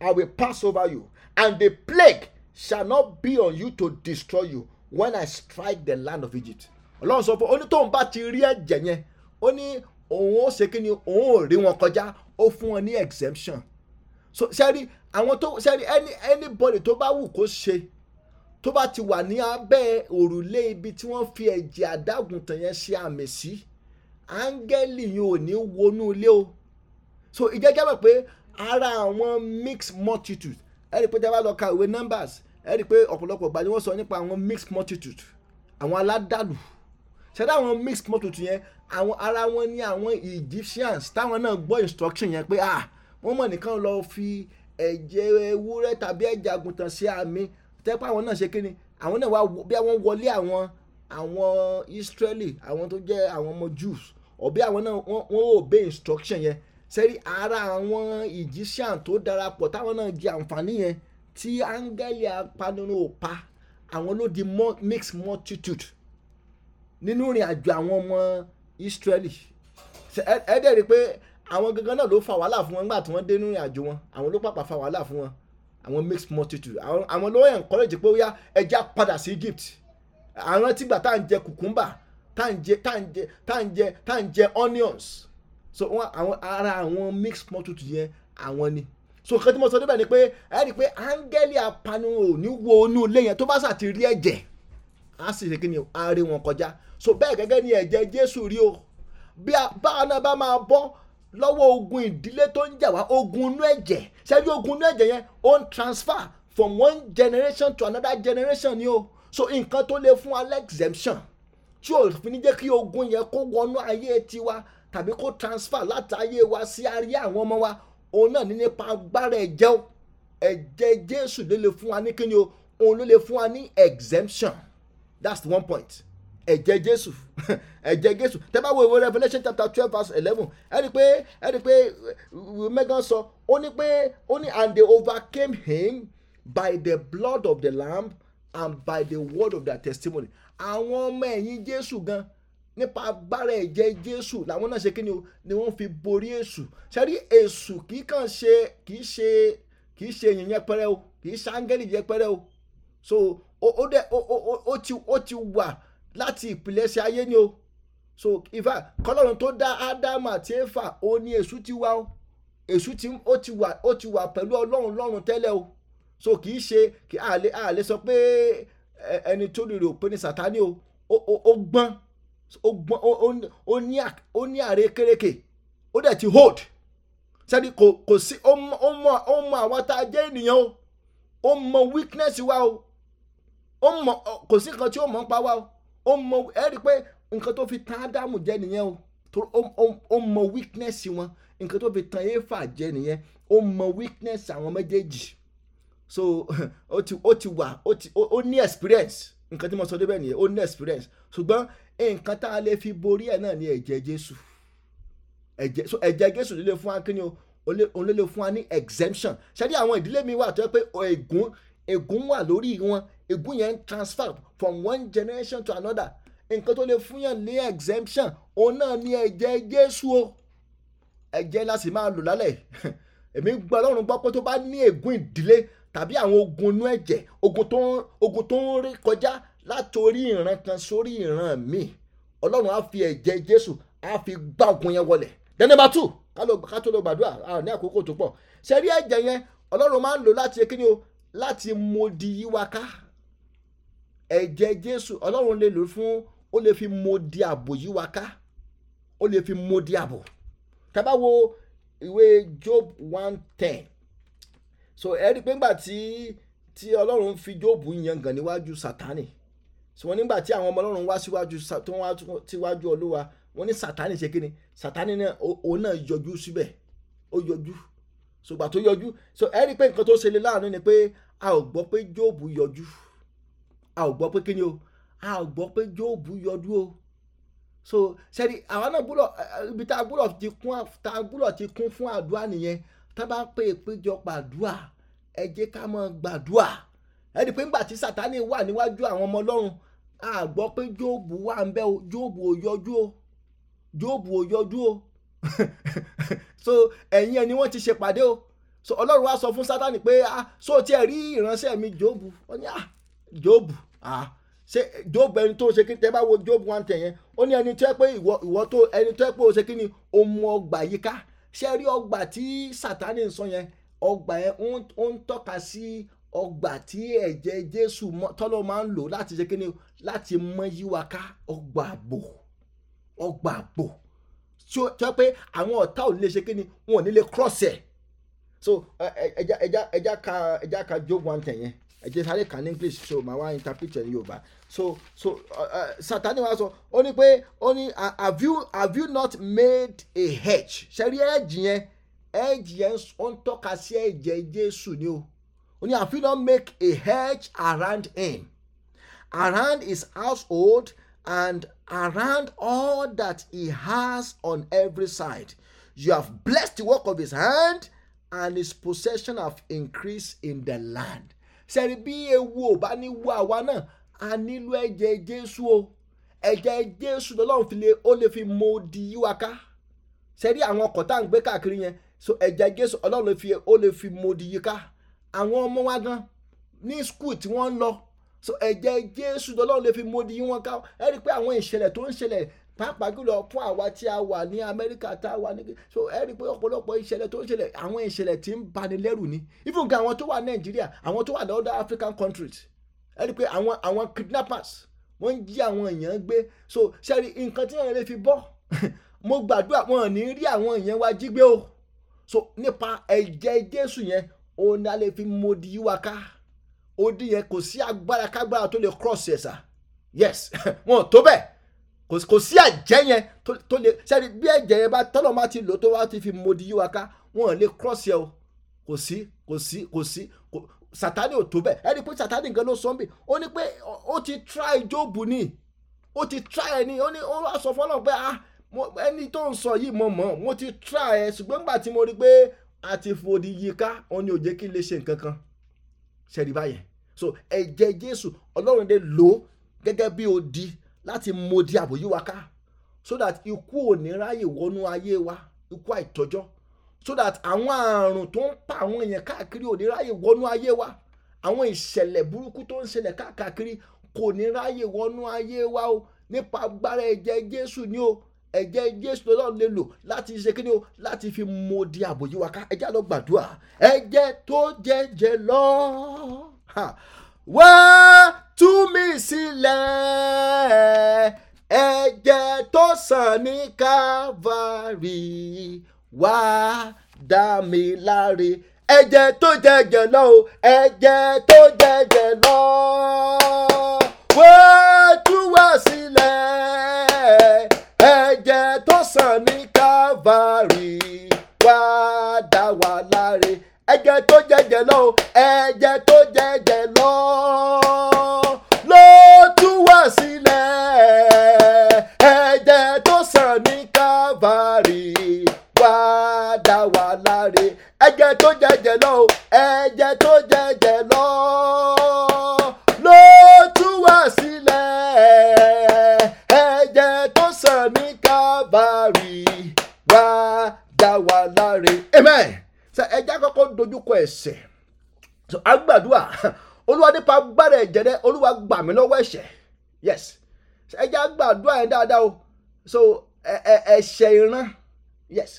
I will pass over you and the plague shall not be on you to destroy you when I strike the land of Egypt Ọlọ́run sọ fún ó ní tóun bá ti rí ẹ̀jẹ̀ yẹn ó ní òun ó ṣe kí ni òun ò rí wọn kọjá ó fún wọn ní exemption so ṣe àwọn tó ṣe anybody tó bá wù kó ṣe tó bá ti wà ní abẹ́ òrùlé ibi tí wọ́n fi ẹ̀jẹ̀ àdágùntàn yẹn ṣe àmì sí áńgẹ́lì yìí ò ní wọnú ilé o so ìjẹ́jẹ́ mọ̀ pé ara àwọn mixed multitude ẹ rí i pé tí a bá lọ ka ìwé numbers ẹ rí i pé ọ̀pọ̀lọpọ̀ ìgbà ni wọ́n sọ nípa àwọn mixed multitude àwọn aládàlù ṣẹ́dá àwọn mixed multitude yẹn àwọn ara wọn ní àwọn Egyptians táwọn náà gbọ́ instruction yẹn pé ah wọ́n mọ̀ nìkan lọ fi ẹ̀jẹ̀ ewúrẹ́ tàbí ẹ̀jẹ̀ àgùntàn ṣe àmì tẹ́pẹ́ àwọn náà ṣe kíni àwọn náà wá bí àwọn wọlé àwọn àwọn Israeli àwọn tó jẹ́ àwọn ọmọ Jews ọ̀bí àwọn náà wọ́n obey instruction yẹn sẹ́rí ara àwọn Egyptian tó darapọ̀ táwọn náà jẹ àǹfààní yẹn tí áńgẹ́lì apanirun ò pa àwọn ló di mixed multitude nínú ìrìn àjò àwọn ọmọ Israeli ẹ dẹ̀ rí i pé àwọn gangan náà ló fa wàhálà fún wọn nígbà tí wọ́n dé nínú ìrìn àjò wọn àwọn ló pàpà fa wàhálà fún wọn àwọn mixed multitude àwọn ló encourage pé ó yá ẹja padà sí Egypt àwọn tìgbà tá à ń jẹ cucumber tá à ń jẹ tá à ń jẹ tá à ń jẹ tá à ń jẹ onions so àwọn ara àwọn mixed multitude yẹn àwọn ni so nǹkan tí mo sọ níbẹ̀ ni pé ẹ rí i pé áńgẹ́lì apanu ò ní wo inú ilé yẹn tó bá sà ti rí ẹ̀jẹ̀ á sì ṣe kí ni á rí wọn kọjá so bẹ́ẹ̀ gẹ́gẹ́ ni ẹ̀jẹ̀ Jésù rí o bí báwa náà bá máa bọ́ lọ́wọ́ ogun ìdílé tó ń jà wá ogun inú ẹ̀jẹ̀ ṣebí ogun inú ẹ̀jẹ̀ yẹn ó ń transfer from one generation to another generation ni o so nǹkan tó lè fún alex exemption tí ò fi ní jẹ́ kí ogun yẹn kó wọnú ayé tiwa tàbí kó transfer láti ayé wa sí ayé àwọn ọmọ wa òun náà ní nípa agbára ẹ̀jẹ̀ o ẹ̀jẹ̀ jésù ló lè fún wa ní kíni o òun ló lè fún wa ní exemption that's the one point ẹ̀jẹ̀ jésù ẹ̀jẹ̀ jésù tẹ́ bá wo ìwé revelation chapter twelve verse eleven ẹ rí i pé ẹ rí i pé eh, megan sọ ó ní pé ó ní and they overcame him by the blood of the lamb and by the word of their testimony àwọn ọmọ ẹ̀yìn jésù gan nípa agbára ẹ̀jẹ̀ jésù làwọn náà ṣe kíni o ni wọ́n fi borí èṣù ṣẹ́rí èṣù kìí kàn ṣe kìí ṣe kìí ṣe èyàn yẹpẹrẹ o kìí ṣe áńgẹ́lì yẹpẹrẹ o so ó dẹ ó ti ó ti wà láti ìpìlẹ̀ṣẹ̀ ayé ni o so ifá kọlọ́run tó dá ádámù àti éfà ó ní èṣù ti wá o èṣù ti ó ti wà ó ti wà pẹ̀lú ọlọ́run lọ́run tẹ́lẹ̀ o so kì í ṣe kì á lè á lè sọ pé ẹni tó rírì ò pé ní sàtánì o ó gbọ́n ó gbọ́n ó ní àrékérekè ó dẹ̀ ti hold sẹ́ni kò kò sí ó mọ ó mọ àwọn tá a jẹ́ ènìyàn o ó mọ weakness wa o ó mọ kò sí nǹkan tí ó mọ̀ ń pa wa o ó mọ ẹ rí i pé nǹkan tó fi tàn ádámù jẹ nìyẹn o ó mọ weakness wọn nǹkan tó fi tàn éfà jẹ nìyẹn ó mọ weakness àwọn méjèèjì so ó ti ó ti wà ó ti ó ní experience nǹkan tí mo sọ débẹ̀ nìyẹn ó ní experience ṣùgbọ́n nǹkan tá a lè fi borí ẹ̀ náà ni ẹ̀jẹ̀ Jésù ẹ̀jẹ̀ so ẹ̀jẹ̀ Jésù ló lè fún wa kí ni o òun ló lè fún wa ní exemption ṣáájú àwọn ìdílé mi wà tó yẹ pé ègún ègún wà lórí wọn ègún yẹn ń transfer from one generation to another nǹkan tó lè fún yàn ní exemption òun náà ní ẹ̀jẹ̀ Jésù o ẹ̀jẹ̀ la sì máa lò lálẹ́ èmi gba Ọlọ́run gbọ́ pé tó bá ní ègún ìdílé tàbí àwọn ogun inú ẹ̀jẹ̀ ogun tó ń ogun tó ń rí kọjá látòrí ìran kan sórí ìran míì Ọlọ́run á fi ẹ̀jẹ̀ Jésù á fi gbá ogun yẹn wọlẹ̀ then number two ká tó lọ gbàdúrà ní àkókò tó pọ̀ ṣe rí ẹ̀jẹ̀ yẹn Ọlọ́run máa ń lò láti kí ni o láti modi yíwa ká ẹ̀jẹ̀ Jésù Ọlọ́run lè lò fún ó lè fi modi ààbò yíwa ká ó lè fi modi ààbò tá bá wo ìwé Job one ten so ẹ rí i pé nígbà tí tí Ọlọ́run fi Job yangàn níwájú Sátánì so wọn nígbà tí àwọn ọmọ Ọlọ́run wá síwájú tó wá síwájú Olúwa wọn ní Sátánì ṣe kí ni Sátánì náà òun náà yọjú síbẹ̀ ó yọjú ṣùgbà tó yọjú so ẹ rí i pé nǹkan tó ṣe lè láàánú ni pé a ò gbọ́ pé jóòbù yọjú a ò gbọ́ pé kíni o a ò gbọ́ pé jóòbù yọjú o so sẹ́ni àwa náà gbúdọ̀ ibi tá a gbúdọ̀ ti kún tá a gbúdọ̀ ti kún fún àdúrà nìyẹn tá a bá ń pè é péjọpọ̀ àdúrà ẹ jẹ́ ká máa gbàdúrà ẹ rí i pé ńgbà tí sátani wà níwájú àwọn ọmọ ọlọ́run a gbọ́ pé jóòbù wà ń bẹ̀ o jóòbù ò yọjú o jóòbù ò yọjú o so ẹ̀yìn ẹni wọ́n ti ṣe pàdé o so ọlọ́run wa sọ fún sátani pé ah so tí ẹ rí ìránṣẹ́ mi jobu ó ní ah jóòbù ah ṣe jóòbù ẹni tó ṣe kí tẹ bá wo jóòbù one ten yẹn ó ní ẹni tó yẹ pé ìwọ ìwọ tó ẹni tó yẹ pé o ṣe kí ni o mú ọgbà yìí ká ṣe rí ọgbà tí sátani ń sọ yẹn ọgbà yẹn ó ń tọ́ka sí ọgbà tí ẹ̀jẹ̀ jésù tọ́lọ́ máa ń lò láti ṣe kí ni láti mọ yíwa ká ọgbà àbò ọgbà àbò tí wọ́n pé àwọn ọ̀tá ò ní lè ṣe kí ni wọn ò ní lè cross ẹ̀ so ẹja ẹja ẹja ka ẹja ka job one ten yẹn ẹjẹ sáré kan ní english so màá wá interpret ẹ ní yorùbá so so uh, Sátánì wá sọ ó ní pé ó ní have you have you not made a hedge ṣẹ́rí ẹ̀jì yẹn ẹ̀jì yẹn ó ń tọ́ka sí ẹ̀jẹ̀ jésù ni o ó ní have you not make a hedge around him around his household and around all that he has on every side. You have blessed the work of his hand, and his possession have increased in the land. Ṣẹ̀rí bí ewu ò bá ní wo àwa náà, a nílò ẹ̀jẹ̀ Jésù o. Ẹ̀jẹ̀ Jésù lọ́lọ́run fi lè ó lè fi mo di yíwa ká. Ṣẹ̀rí àwọn ọkọ̀ tá à ń gbé káàkiri yẹn, so ẹ̀jẹ̀ Jésù ọlọ́run ó lè fi mo di yíká. Àwọn ọmọ wa gan ní skul tí wọ́n ń lọ so ẹ̀jẹ̀ jésù lọ́lọ́run lè fi modi wọn ká ẹ rí i pé àwọn ìṣẹ̀lẹ̀ tó ń ṣẹlẹ̀ pàápàá jùlọ fún àwa tí a wà ní amẹ́ríkà tá a wà ní so ẹ rí i pé ọ̀pọ̀lọpọ̀ ìṣẹ̀lẹ̀ tó ń ṣẹlẹ̀ àwọn ìṣẹ̀lẹ̀ tí ń bani lẹ́rù ni even gan àwọn tó wà nàìjíríà àwọn tó wà ní other african countries ẹ rí i pé àwọn àwọn kidnappers wọ́n ń jí àwọn èèyàn gbé so ṣẹ́rí nǹkan tí èèyàn lè fi bọ́ mo gbàdúrà wọn ò ní rí àwọn èèyàn wa jí o so nípa ẹ̀jẹ̀ jésù yẹn òun ni a lè fi modi yíwa ká odi yẹn kò sí agbára kágbára tó lè cross yẹn yes wọn tó bẹ́ẹ̀ kò sí àjẹ́ yẹn tó lè sẹ́ni bí ẹ̀jẹ̀ yẹn bá tọ́nà má ti lò tó wá ti fi modi yíwa ká wọn lè cross yẹn o kò sí kò sí kò sí sátánì ò tó bẹ́ẹ̀ ẹni pé sátánì nǹkan ló sọ́n bì ó ní pé ó ti try Jóòbù ni ó ti try ẹni ó ní ó wá sọ fọlọ́ pé ah ẹni tó ń sọ yìí mo mọ̀ mo ti try ẹ ṣùgbọ́n nígbà tí mo rí pé a ti fòdì yíká ó ní ó jẹ́ kí n lè ṣe nǹkan kan ṣẹ̀rí báyẹn so ẹ̀jẹ̀ jésù ọlọ́run lè lò ó gẹ́gẹ́ bí odi láti modi àbòyí ká so that ikú ò ní ráyè wọnú ayé wa ikú àìtọ́jọ́ so that àwọn àrùn tó ń pa àwọn èèyàn káàkiri ò ní ráyè wọnú ayé wa àwọn ìṣẹ̀lẹ̀ burúkú tó ń ṣẹlẹ̀ káàkiri kò ní ráyè wọnú ayé wa o nípa agbára ẹ̀jẹ̀ jésù ni o ẹ̀jẹ̀ jésù lọ́dọ̀ lè lò láti ṣe kí ni o láti fi modi àbòyí ká ẹ̀jẹ̀ lọ gbàdúrà ẹ̀jẹ̀ tó jẹ̀jẹ̀ lọ́ọ́ wá tú mi sílẹ̀ ẹ̀jẹ̀ tó sàn ní Calvary wá dá mi láre ẹ̀jẹ̀ tó jẹ̀jẹ̀ lọ o ẹ̀jẹ̀ tó jẹ̀jẹ̀ lọ wá tú wa sílẹ̀ ẹ̀jẹ̀ tó sàn ní Calvary wá dá wa láre ẹ̀jẹ̀ tó jẹ̀jẹ̀ lọ o ẹ̀jẹ̀ tó jẹ̀jẹ̀ lọ ló tú wá sílẹ̀ ẹ̀jẹ̀ tó sàn ní Calvary wá dá wa láre ẹ̀jẹ̀ tó jẹ̀jẹ̀ lọ o ẹja kọ́kọ́ dojúkọ ẹ̀ṣẹ̀ agbàdúrà olúwa nípa agbára ẹ̀jẹ̀ rẹ olúwa gbà mí lọ́wọ́ ẹ̀ṣẹ̀ yes ẹja gbàdúrà yẹn dáadáa o so ẹ̀ṣẹ̀ ìran yes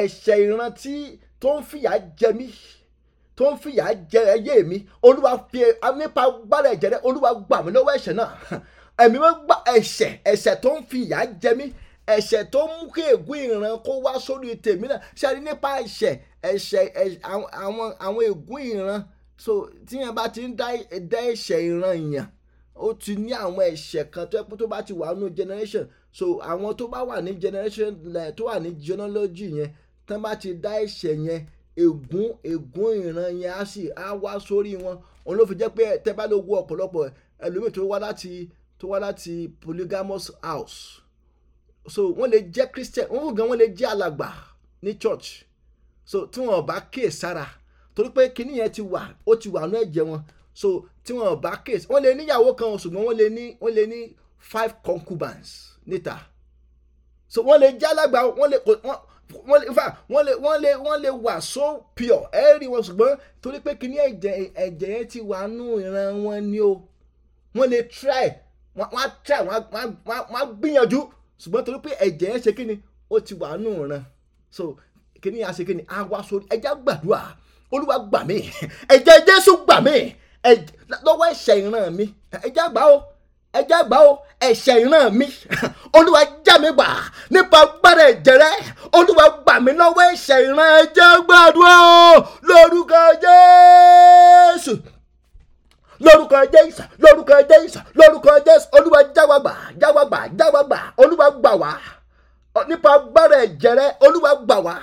ẹ̀ṣẹ̀ ìran tí tó ń fìyà jẹ mí tó ń fìyà jẹ ẹyẹ mi olúwa fi nípa agbára ẹ̀jẹ̀ rẹ olúwa gbà mí lọ́wọ́ ẹ̀ṣẹ̀ náà ẹ̀mí wọn gbà ẹ̀ṣẹ̀ ẹ̀ṣẹ̀ tó ń fìyà jẹ mí ẹ̀ṣẹ̀ tó mú kí ègún ìran kó wá sórí tèmi náà ṣáàrí nípa ẹ̀ṣẹ̀ ẹ̀ṣẹ̀ àwọn àwọn ègún ìran so tíyẹn bá ti ń dá ẹ̀ṣẹ̀ ìran yàn ó ti ní àwọn ẹ̀ṣẹ̀ kan tó yẹ pé tó bá ti wà nínú generation so àwọn tó bá wà ní generation eh, tó wà ní genealogy yẹn tán bá ti dá ẹ̀ṣẹ̀ yẹn ègún ègún ìran yẹn á sì á wá sórí wọn òun ló fi jẹ́ pé tẹ́ bá lè wo ọ̀pọ̀lọpọ̀ ẹlòmíì tó wá láti tó wá láti polygamous house so wọ́n lè jẹ́ christian wọ́n gan wọ́n lè jẹ́ alàgbà ní church so tí wọ́n bá kíyè sára torí pé kinní yẹn ti wà ó ti wà nú ẹ̀jẹ̀ wọn so tí wọ́n bá kíyè wọ́n lè níyàwó kan ṣùgbọ́n wọ́n lè ní wọ́n lè ní five concubines níta so wọ́n lè jẹ́ alàgbà wọ́n lè wọ́n wọ́n lè wọ́n lè wọ́n lè wọ́n lè wà so pure ẹ rí wọn ṣùgbọ́n torí pé kinní ẹ̀jẹ̀ ẹ̀jẹ̀ yẹn ti wà nú ìran wọn ni o wọ́n lè try wọ́n á try wọ́n á gbìyànjú ṣùgbọ́n torí pé ẹ̀jẹ̀ ṣe kí ni ó ti wà nù ràn so kí ni a ṣe kí ni a wá sórí ẹja gbàdúrà olúwa gbà mí ẹ̀jẹ̀ jésù gbà mí lọ́wọ́ ẹ̀ṣẹ̀ ìran mi ẹja gbà ó ẹja gbà ó ẹ̀ṣẹ̀ ìran mi olúwa já mi gbà nípa gbára ẹ̀jẹ̀ rẹ olúwa gbà mí lọ́wọ́ ẹ̀ṣẹ̀ ìran ẹja gbàdúrà lórúkọ jésù lórúkọ jésù lórúkọ jésù lórúkọ jésù olúwa jáwàgbà jáwàgbà jáwàgbà olúwa gbà wá nípa agbára ẹ̀jẹ̀ rẹ olúwa gbà wá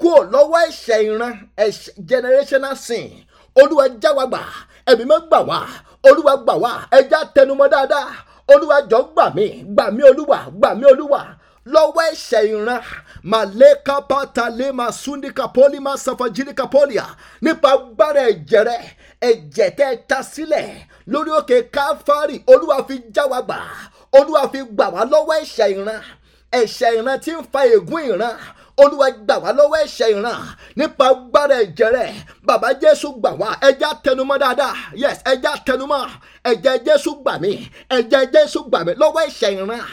kúrò lọ́wọ́ ẹ̀ṣẹ̀ ìran ẹ̀ṣẹ̀ generational sin olúwa jáwàgbà ẹ̀mí mọ́ gbà wá olúwa gbà wá ẹja tẹnumọ́ dáadáa olúwa jọ gbà mí gbà mí olúwa gbà mí olúwa lọ́wọ́ ẹ̀ṣẹ̀ ìran màlẹ́ka pátálẹ́ máa súndíkà pọ́lì máa sàfàjìlíkà pọ́lìà nípa agbára ẹ̀jẹ̀ rẹ̀ ẹ̀jẹ̀ tẹ́ ẹ ta sílẹ̀ lórí òkè káfárì olúwa fi já wa gbà olúwa fi gbà wá lọ́wọ́ ẹ̀ṣẹ̀ ìran ẹ̀ṣẹ̀ ìran tí ń fa ègún ìran olúwa gbà wá lọ́wọ́ ẹ̀ṣẹ̀ ìran nípa agbára ẹ̀jẹ̀ rẹ̀ bàbá jésù gbà wá ẹja tẹnumọ́ dáadáa yes ẹja tẹnumọ́ ẹ̀jẹ̀ jésù gbà mí ẹ̀jẹ̀ jésù gbà mí lọ́wọ́ ẹ̀ṣẹ̀ ìran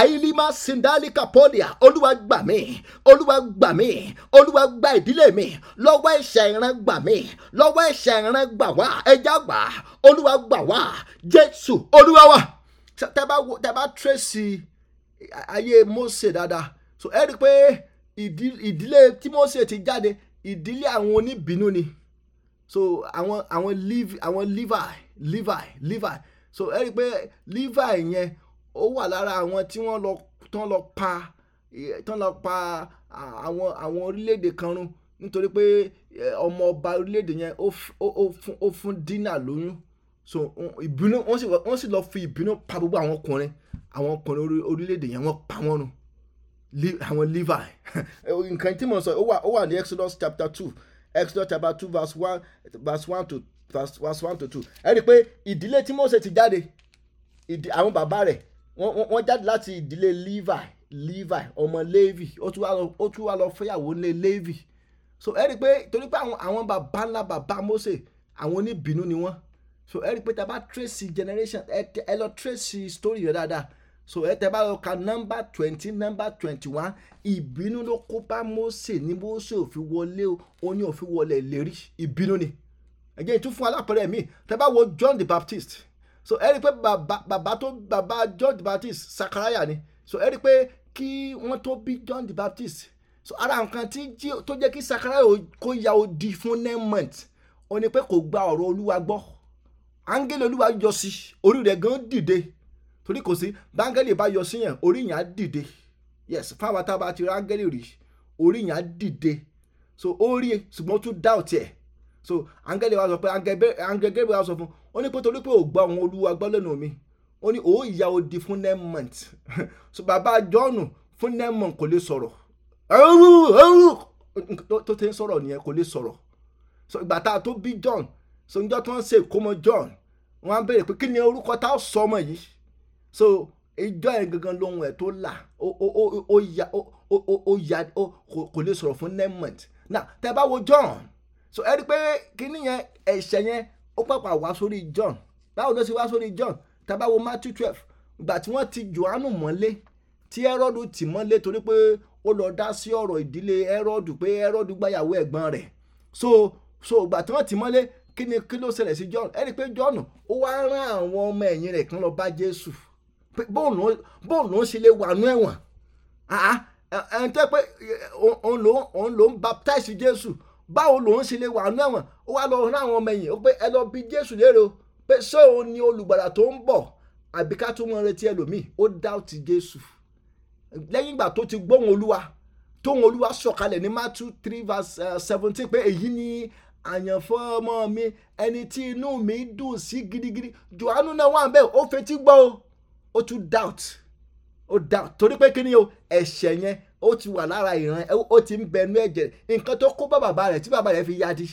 àìlímà sindalika pọ́lìà olúwa gbà mí olúwa gbà mí olúwa gba ìdílé mi lọ́wọ́ ẹ̀ṣẹ̀ ìran gbà mí lọ́wọ́ ẹ̀ṣẹ̀ ìran gbà wá ẹja gbà olúwa gbà wá jésù olúwa wa tẹ bá tírèsì ayé mose dáadáa so ẹ rí i pé ìdílé tí mose ti jáde ìdílé àwọn oníbínú ni so àwọn àwọn levi àwọn levi levi levi so ẹ rí i pé levi yẹn ó wà lára àwọn tí wọ́n lọ tán lọ pa tán lọ pa àwọn àwọn orílẹ̀-èdè kan run nítorí pé ọmọ ọba orílẹ̀-èdè yẹn ó fún dínà lóyún so ìbínú wọ́n sì lọ fi ìbínú pa gbogbo àwọn ọkùnrin àwọn ọkùnrin orílẹ̀-èdè yẹn wọ́n pa wọ́n run àwọn levi nǹkan tí mo sọ ó wà ní exodus chapter two exodus chapter two verse one verse one to verse one to two ẹ rí i pé ìdílé tí Mósè ti jáde àwọn bàbá rẹ̀ wọ́n jáde láti ìdílé levi levi ọmọ levi ó tún wá lọ fẹ́yàwó ní levi so ẹ rí i pé torí pé àwọn bàbá ńlá bàbá Mósè àwọn oníbínú ni wọ́n so ẹ rí i pé tẹ bá Tracy generation ẹ lọ Tracy story rẹ dáadáa so ẹ tẹ bá lọ ka nọ́mbà twenty number twenty one ìbínú ló kó bá Mósè ní Mósè ò fi wọlé o ní ò fi wọlé lérí ìbínú ni ẹ̀jẹ̀ ìtúfún alápẹ̀rẹ̀ mi tẹ bá wo John the Baptist so ẹ rí i pé bàbá tó bàbá John the Baptist Sakaraya ni so ẹ rí i pé kí wọ́n tó bí John the Baptist so ara nǹkan tí tó jẹ́ kí Sakaraya kó ya odi fún nine months ó ní pé kò gba ọ̀rọ̀ Olúwa gbọ́ áńgẹ́lì Olúwa yọ sí orí rẹ̀ gan dìde torí kò sí báńgẹ́lì bá yọ sí yẹn orí yẹn á dìde yes fáwọn tábà ti rá áńgẹ́lì rí orí yẹn á dìde so ó rí ṣùgbọ́n ó tún dá ọ̀tí ẹ̀ so áńgẹ́lì wa sọ pé áńgẹ́lì wa sọ fún un ó ní pé torí pé ò gbọ́ àwọn olúwa gbọ́ lẹ́nu mi ó ní òun ìyá odi fún nemont so bàbá john fún nemont kò lè sọ̀rọ̀ tó ti ń sọ̀rọ̀ nìyẹn kò lè sọ̀rọ̀ so ìgbà tá a tó bí john so níjọ́ tó ń ṣe ìkómọ john wọ́n á béèrè pé kí ni orúkọ tá a sọ ọmọ yìí so ìjọ yẹn gangan lohun ẹ̀ tó là ó ya ó ya kò lè sọ̀rọ̀ fún nemont now tẹ́ bá wo john so ẹ rí i pé kí nìyẹn ẹ̀ṣẹ̀ yẹn ó pàpà wá sórí John báwo ló ṣe wá sórí John tabawo Matthew twelve gbà tí wọ́n ti Jòhánù mọ́lé tí Hẹ́rọ́dù tì mọ́lé torí pé ó lọ dá sí ọ̀rọ̀ ìdílé Hẹ́rọ́dù pé Hẹ́rọ́dù gbàyàwó ẹ̀gbọ́n rẹ̀ so so gbà tí wọ́n tì mọ́lé kí ni kí ló ṣẹlẹ̀ sí John ẹni pé John ó wá rán àwọn ọmọ ẹ̀yìn rẹ̀ kan lọ bá Jésù pé bóun ló ń ṣe lè wà nú ẹ̀wọ̀n ẹ̀ǹtẹ́ pé òun ló ń baptize Jésù báwo lòun ṣe lè wà nú ẹ̀wọ̀n ó wá lọ rán àwọn ọmọ ẹ̀yìn ó pé ẹ lọ bi jésù léèrè o pé ṣé ni olùgbàlà tó ń bọ̀ àbí ká tún mọ retí ẹlòmíì ó dáùtì jésù lẹ́yìn ìgbà tó ti gbóhùn olúwa tóhùn olúwa sọ̀kalẹ̀ ní matthew three verse eh, seventeen pé èyí ni àyànfọ́ ọmọ mi ẹni tí inú mi dùn sí gidigidi johannu náà wà bẹ́ẹ̀ ó fetí gbọ́ o ó tún doubt ó doubt torí pé kí ni o ẹ̀ṣẹ̀ yẹn ó ti wà lára ìran ó ti ń bẹnu ẹ̀jẹ̀ nǹkan tó kó bá bàbá rẹ̀ tí bàbá rẹ̀ fi yá di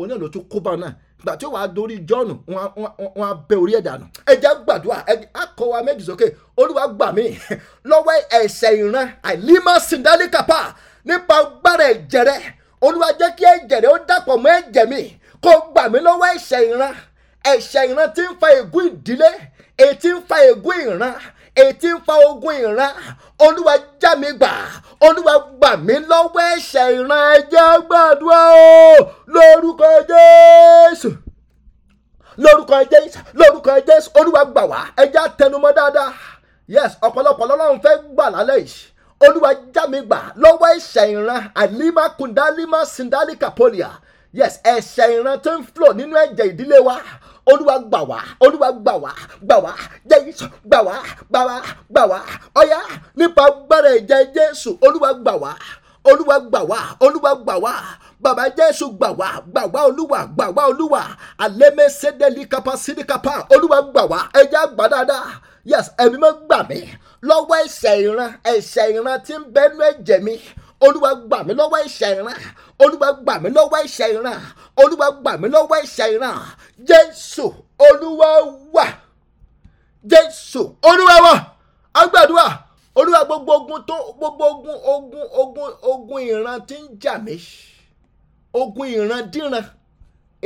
oní ọ̀nà tó kó bá náà gbà tí ó wàá dorí John wọn á bẹ orí ẹ̀ dànù ẹja gbàdúrà akọ wa méjì sókè olúwa gbà mí lọ́wọ́ ẹ̀ṣẹ̀ ìran àìlímọ̀ sìndálíkàpá nípa agbára ẹ̀jẹ̀ rẹ̀ olúwa jẹ́ kí ẹ̀jẹ̀ rẹ̀ ó dàpọ̀ mọ́ ẹ̀jẹ̀ mi kó gbà mí lọ́wọ́ ẹ̀ṣẹ̀ ìran ẹ̀ṣẹ̀ ìran tí ń fa ègún ìdílé èyí tí ń fa ègún ìran ètí ń fa ogun ìran olúwa já mi gbà olúwa gbà mí lọ́wọ́ ẹ̀ṣẹ̀ ìran ẹjẹ́ gbàdúrà o lórúkọ jésù lórúkọ jésù lórúkọ jésù olúwa gbà wá ẹjẹ́ àtẹnumọ́ dáadáa yes ọ̀pọ̀lọpọ̀ lọ́lọ́run fẹ́ gbà lálẹ́ yìí olúwa já mi gbà lọ́wọ́ ẹ̀ṣẹ̀ ìran àlímà kùndálímà sindálíkà pọ́lìà yes ẹ̀ṣẹ̀ ìran tó ń flò nínú ẹ̀jẹ̀ ìdílé wa olúwa gbà wá olúwa gbà wá gbà wá jésù gbà wá gbà wá gbà wá ọ̀yá nípa agbára ẹ̀jẹ̀ jésù olúwa gbà wá olúwa gbà wá olúwa gbà wá bàbá jésù gbà wá gbà wá olúwa gbà wá olúwa àlẹ́mẹ́ kapa sídì kapa olúwa gbà wá ẹja gbà dáadáa yes ẹ̀mí mọ́ gbà mí lọ́wọ́ ẹ̀ṣẹ̀ ìran ẹ̀ṣẹ̀ ìran tí ń bẹ́nu ẹ̀jẹ̀ mi olúwa gbà mí lọ́wọ́ ẹ̀ṣẹ̀ ìran olúwa gbà mí lọ́wọ́ ẹ̀ṣẹ̀ ìran olúwa gbà mí lọ́wọ́ ẹ̀ṣẹ̀ ìran jésù olúwa wà jésù olúwa wà agbàdúrà olúwa gbogbo ogun tó gbogbo ogun ogun ogun ogun ìran tí ń jà mí ogun ìran díran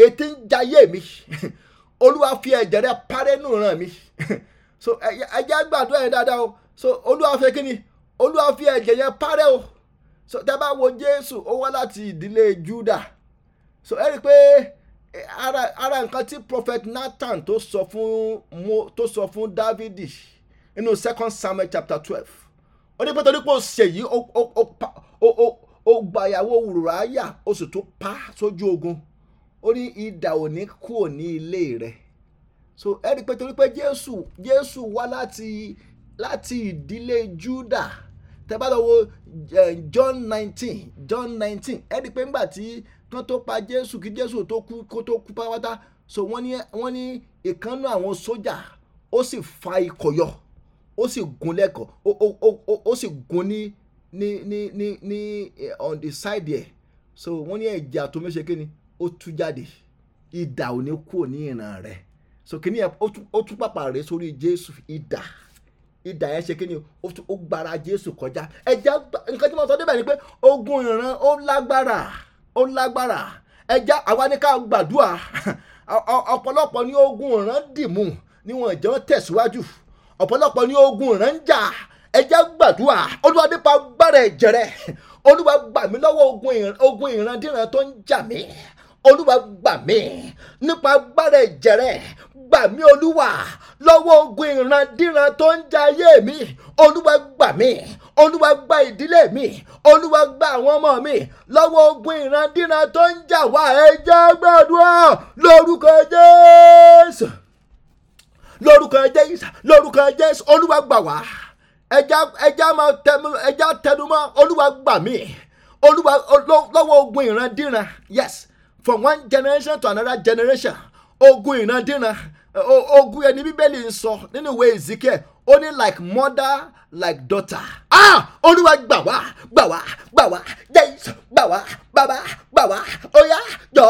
ètí ń jayé mi olúwa fi ẹ̀jẹ̀ rẹ parẹ́nu ràn mí so ẹ̀jẹ̀ agbàdúrà yẹn dáadáa o so olúwa fẹ́ kí ni olúwa fi ẹ̀jẹ̀ yẹn parẹ́ o so tẹ́ bá wo jésù ó wá láti ìdílé júdà so ẹ rí i pé ara ara nǹkan tí prophet nathan tó sọ fún mo tó sọ fún dávidi nínú second samuel chapter twelve ó ní pé torí pé ó ṣe yìí ó ó ó ó ó gba ìyàwó wùráyà ó sì tún pa sójú ogun ó ní idà ò ní kúrò ní ilé rẹ̀ so ẹ rí i pé torí pé jésù jésù wá láti láti ìdílé júdà tẹ́ bá lọ wo eh, John nineteen John nineteen ẹ di i pé ńgbà tí kan tó pa Jésù kí Jésù tó kú kó tó kú pátápátá so wọ́n ní wọ́n ní ìkànnú àwọn sójà ó sì fa ikọ̀ yọ ó sì gun lẹ́kọ̀ọ́ ó sì gun ní ní ní ní ní eh, on the side yẹ so wọ́n ní ẹ̀jẹ̀ àtọ́ méṣe kí ni ó tú jáde idà ò ní kúrò ní ìran rẹ̀ so kí ni ó tú pàpà rẹ̀ sórí Jésù idà idà yẹn ṣe kíni ó gbára jésù kọjá ẹja nǹkan tí mo sọ débẹ̀ ni pé ogun ìran ó lágbára ó lágbára ẹja àwa ni ká gbàdúrà ọ̀pọ̀lọpọ̀ ní ogun ìran dìmú níwọ̀n ìjọ tẹ̀síwájú ọ̀pọ̀lọpọ̀ ní ogun ìran ń jà ẹja gbàdúrà olúwa nípa gbára ẹ̀jẹ̀ rẹ̀ olúwa gbà mí lọ́wọ́ ogun ìran dìran tó ń jà mí olúwa gbà mí nípa agbára ẹ̀jẹ̀ rẹ̀ gbà mí olúwa lọ́wọ́ ogun ìrandíran tó ń ja ayé mi olúwa gbà mí olúwa gba ìdílé mi olúwa gba àwọn ọmọ mi lọ́wọ́ ogun ìrandíran tó ń jà wá ẹja gbàdúrà lórúkọ jésù lórúkọ jésù lórúkọ jésù olúwa gbà wá ẹja ẹja máa olúwa gbà mí olúwa lọ́wọ́ ogun ìrandíran yes from one generation to another generation ogun ìrandíran ogun ẹni bíbélì ń sọ nínú ìwé Ezekiel ó ní like mother like daughter. ah olúwa gbà wá gbà wá gbà wá jésù gbà wá bàbá gbà wá óyá jọ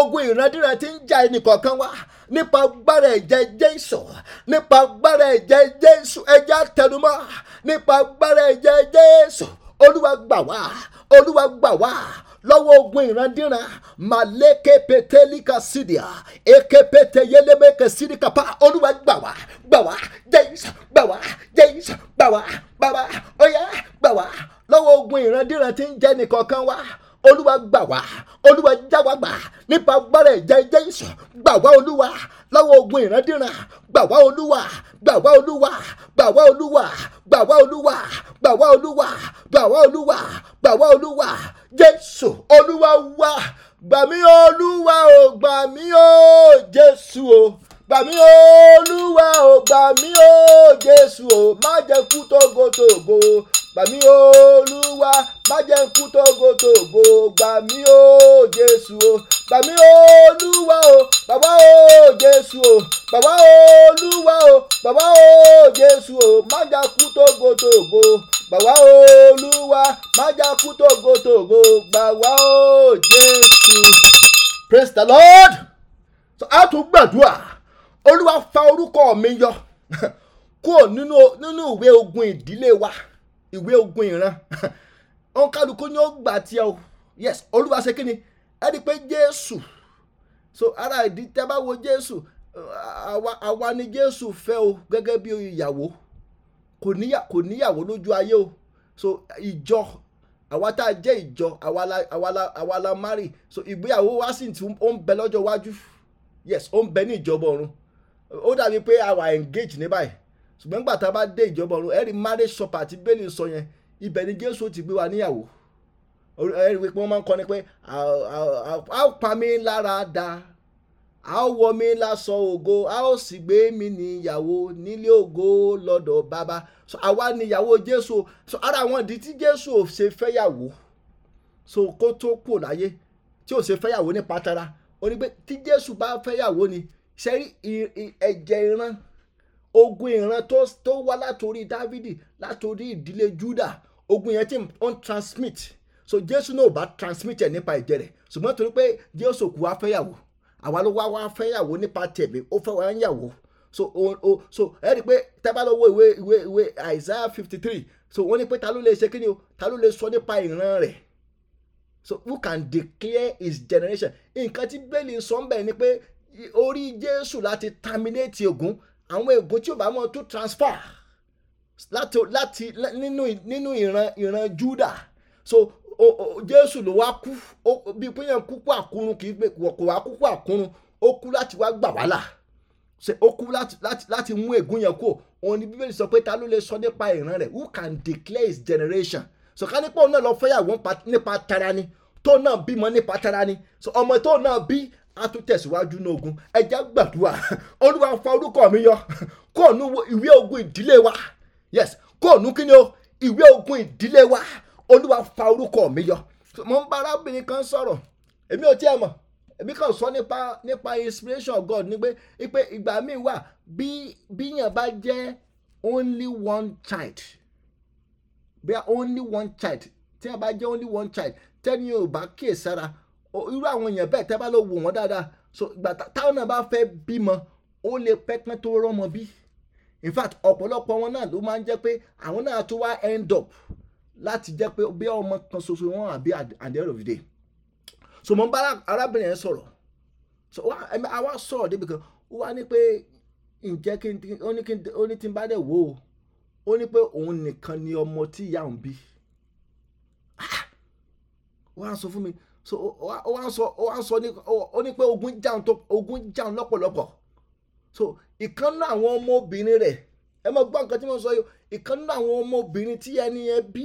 ogun ìrandíran tí ń jà ẹnìkọ̀ọ̀kan wá nípa agbára ẹ̀jẹ̀ jésù nípa agbára ẹ̀jẹ̀ jésù ẹ̀jẹ̀ àtẹnumọ́ nípa agbára ẹ̀jẹ̀ jésù olúwa gbà wá olúwa gbà wá lọ́wọ́ ogun ìrandíran maleke peteli kasidia ekepete yeleme kasidi kapa olúwa gbà wá gbà wá james gbà wá james gbà wá bàbá ọyá gbà wá lọ́wọ́ ogun ìrandíran tí ń jẹ́ nìkọ̀ọ̀kan wá olúwa gbà wá olúwa já wá gbà nípa agbára ẹ̀jẹ̀ jésù gbà wá olúwa lọ́wọ́ ogun ìrandíran gbà wá olúwa gbà wá olúwa gbà wá olúwa gbà wá olúwa gbà wá olúwa gbà wá olúwa gbà wá olúwa jésù olúwa wá gbà mí o olúwa o gbà o jésù o gbà mí o olúwa o gbà mí o jésù o má jẹ́ kú tógótógó gbà o olúwa má jẹ́ kú tógótógó gbà o jésù o gbà o olúwa o bàbá o jésù o bàbá o olúwa o bàbá o jésù o má jẹ́ kú tógótógó gbà o olúwa má jẹ́ kú tógótógó gbà o jésù praise the lord so a tún gbàdúrà olúwa fa orúkọ mi yọ kúrò nínú nínú ìwé ogun ìdílé wa ìwé ogun ìran òun kálukú ni ó gbà tiẹ o yes olúwa ṣe kíni ẹ rí pé jésù so ara ìdí tẹ bá wo jésù àwa àwa ni jésù fẹ́ o gẹ́gẹ́ bí ìyàwó kò níyà kò níyàwó lójú ayé o so ìjọ àwa tá a jẹ́ ìjọ àwa la marry so ìgbéyàwó wa sì tún ó ń bẹ lọ́jọ́ iwájú yes ó ń bẹ ní ìjọba ọ̀run ó dàbí pé a wà engage ní báyìí ṣùgbọ́n nígbà tá a bá dé ìjọba ọ̀run ẹ̀rí marriage supper àti bẹ́ẹ̀lì sọ yẹn ibẹ̀ ni Jésù ti gbé wa níyàwó ẹ̀rí pé wọ́n máa ń kọ́ ni pé a ó pa mí lára da a ó wọ mí lásọ ògo a ó sì gbé mi níyàwó nílé ògo lọ́dọ̀ bàbá so àwa níyàwó Jésù so ara àwọn ìdí tí Jésù ò ṣe fẹ́yàwó so kó tó kù láyé tí ò ṣe fẹ́yàwó nípa tara ó ní pé tí Jésù bá fẹ́yàwó ni ṣe rí ẹ̀jẹ̀ ìran ogun ìran tó wá látòrí dávidi látòrí ìdílé juda ogun yẹn tí ó ń transmit so jésù náà ò bá transmit ẹ̀ nípa ẹ̀jẹ̀ rẹ̀ ṣùgbọ́n torí pé jésù kú wá fẹ́yàwó àwa ló wá wá fẹ́yàwó nípa tẹ̀mí ó fẹ́ wá ń yàwó so o o so ẹ rí i pé tẹ́bá lọ wo ìwé ìwé ìwé Isaiah fifty three so wọ́n ní pé ta ló lè ṣe kí ni o ta ló lè sọ nípa ìran rẹ̀ so who can declare his generation nǹkan tí bẹ́ẹ̀lì sọ ń bẹ̀ ni pé orí jésù láti terminate ègún àwọn ègún tí ò bá mọ̀ tó transfer láti láti nínú nínú ìran ìran juda so o o jésù ló wá kú bí pínyàn kúkú àkúrun kì í pé kò wá kúkú àkúrun ó kú láti wá gbà wá là ṣe ó kú láti láti láti mú ègún yẹn kó òun ni bíbélì sọ pé ta ló lè sọ nípa ìran rẹ̀ who can declare his generation so ká nípa òun náà lọ fẹ́yàwó nípa tara ni tó náà bímọ nípa tara ni so ọmọ tó náà bí a tún tẹ̀síwájú ní ogun ẹja gbàdúrà olúwa fa orúkọ mi yọ kó nu ìwé ogun ìdílé wa yes kó nu kí ni o ìwé ogun ìdílé wa olúwa fa orúkọ mi yọ. mo ń bá arábìnrin kan sọ̀rọ̀ èmi ò tiẹ̀ mọ̀ èmi kàn sọ nípa nípa inspiration of God ni pé pé ìgbà míì wà bí bíyàn bá jẹ́ only one child bí only one child tí a bá jẹ́ only one child tẹ́ni ò bá kíyèsára irú àwọn èèyàn bẹ́ẹ̀ tẹ́ bá lọ wò wọ́n dáadáa so ìgbà táwọn náà bá fẹ́ bímọ ó lè pẹ́ pẹ́ tó rọ́mọ bí in fact ọ̀pọ̀lọpọ̀ wọn náà ló máa ń jẹ́ pé àwọn náà tó wá end up láti jẹ́ pé bí ọmọ kan ṣoṣo wọn àbí at the end of the day so mo ń bá arábìnrin yẹn sọ̀rọ̀ so àwa sọ̀rọ̀ débi kan ó wá ní pé ǹjẹ́ kí ó ní tí n bá dẹ̀ wò ó ó ní pé òun nìkan ni ọmọ tí ìyá òun bí ah! wọ́n á sọ fún mi so O wá sọ O wá sọ O ní pé ogun jáun tó ogun jáun lọ́pọ̀lọpọ̀ so ìkan náà àwọn ọmọbìnrin rẹ̀ ẹ mọ gbọ́ nǹkan tí mo sọ yìí ìkan náà àwọn ọmọbìnrin tí ẹni yẹn bí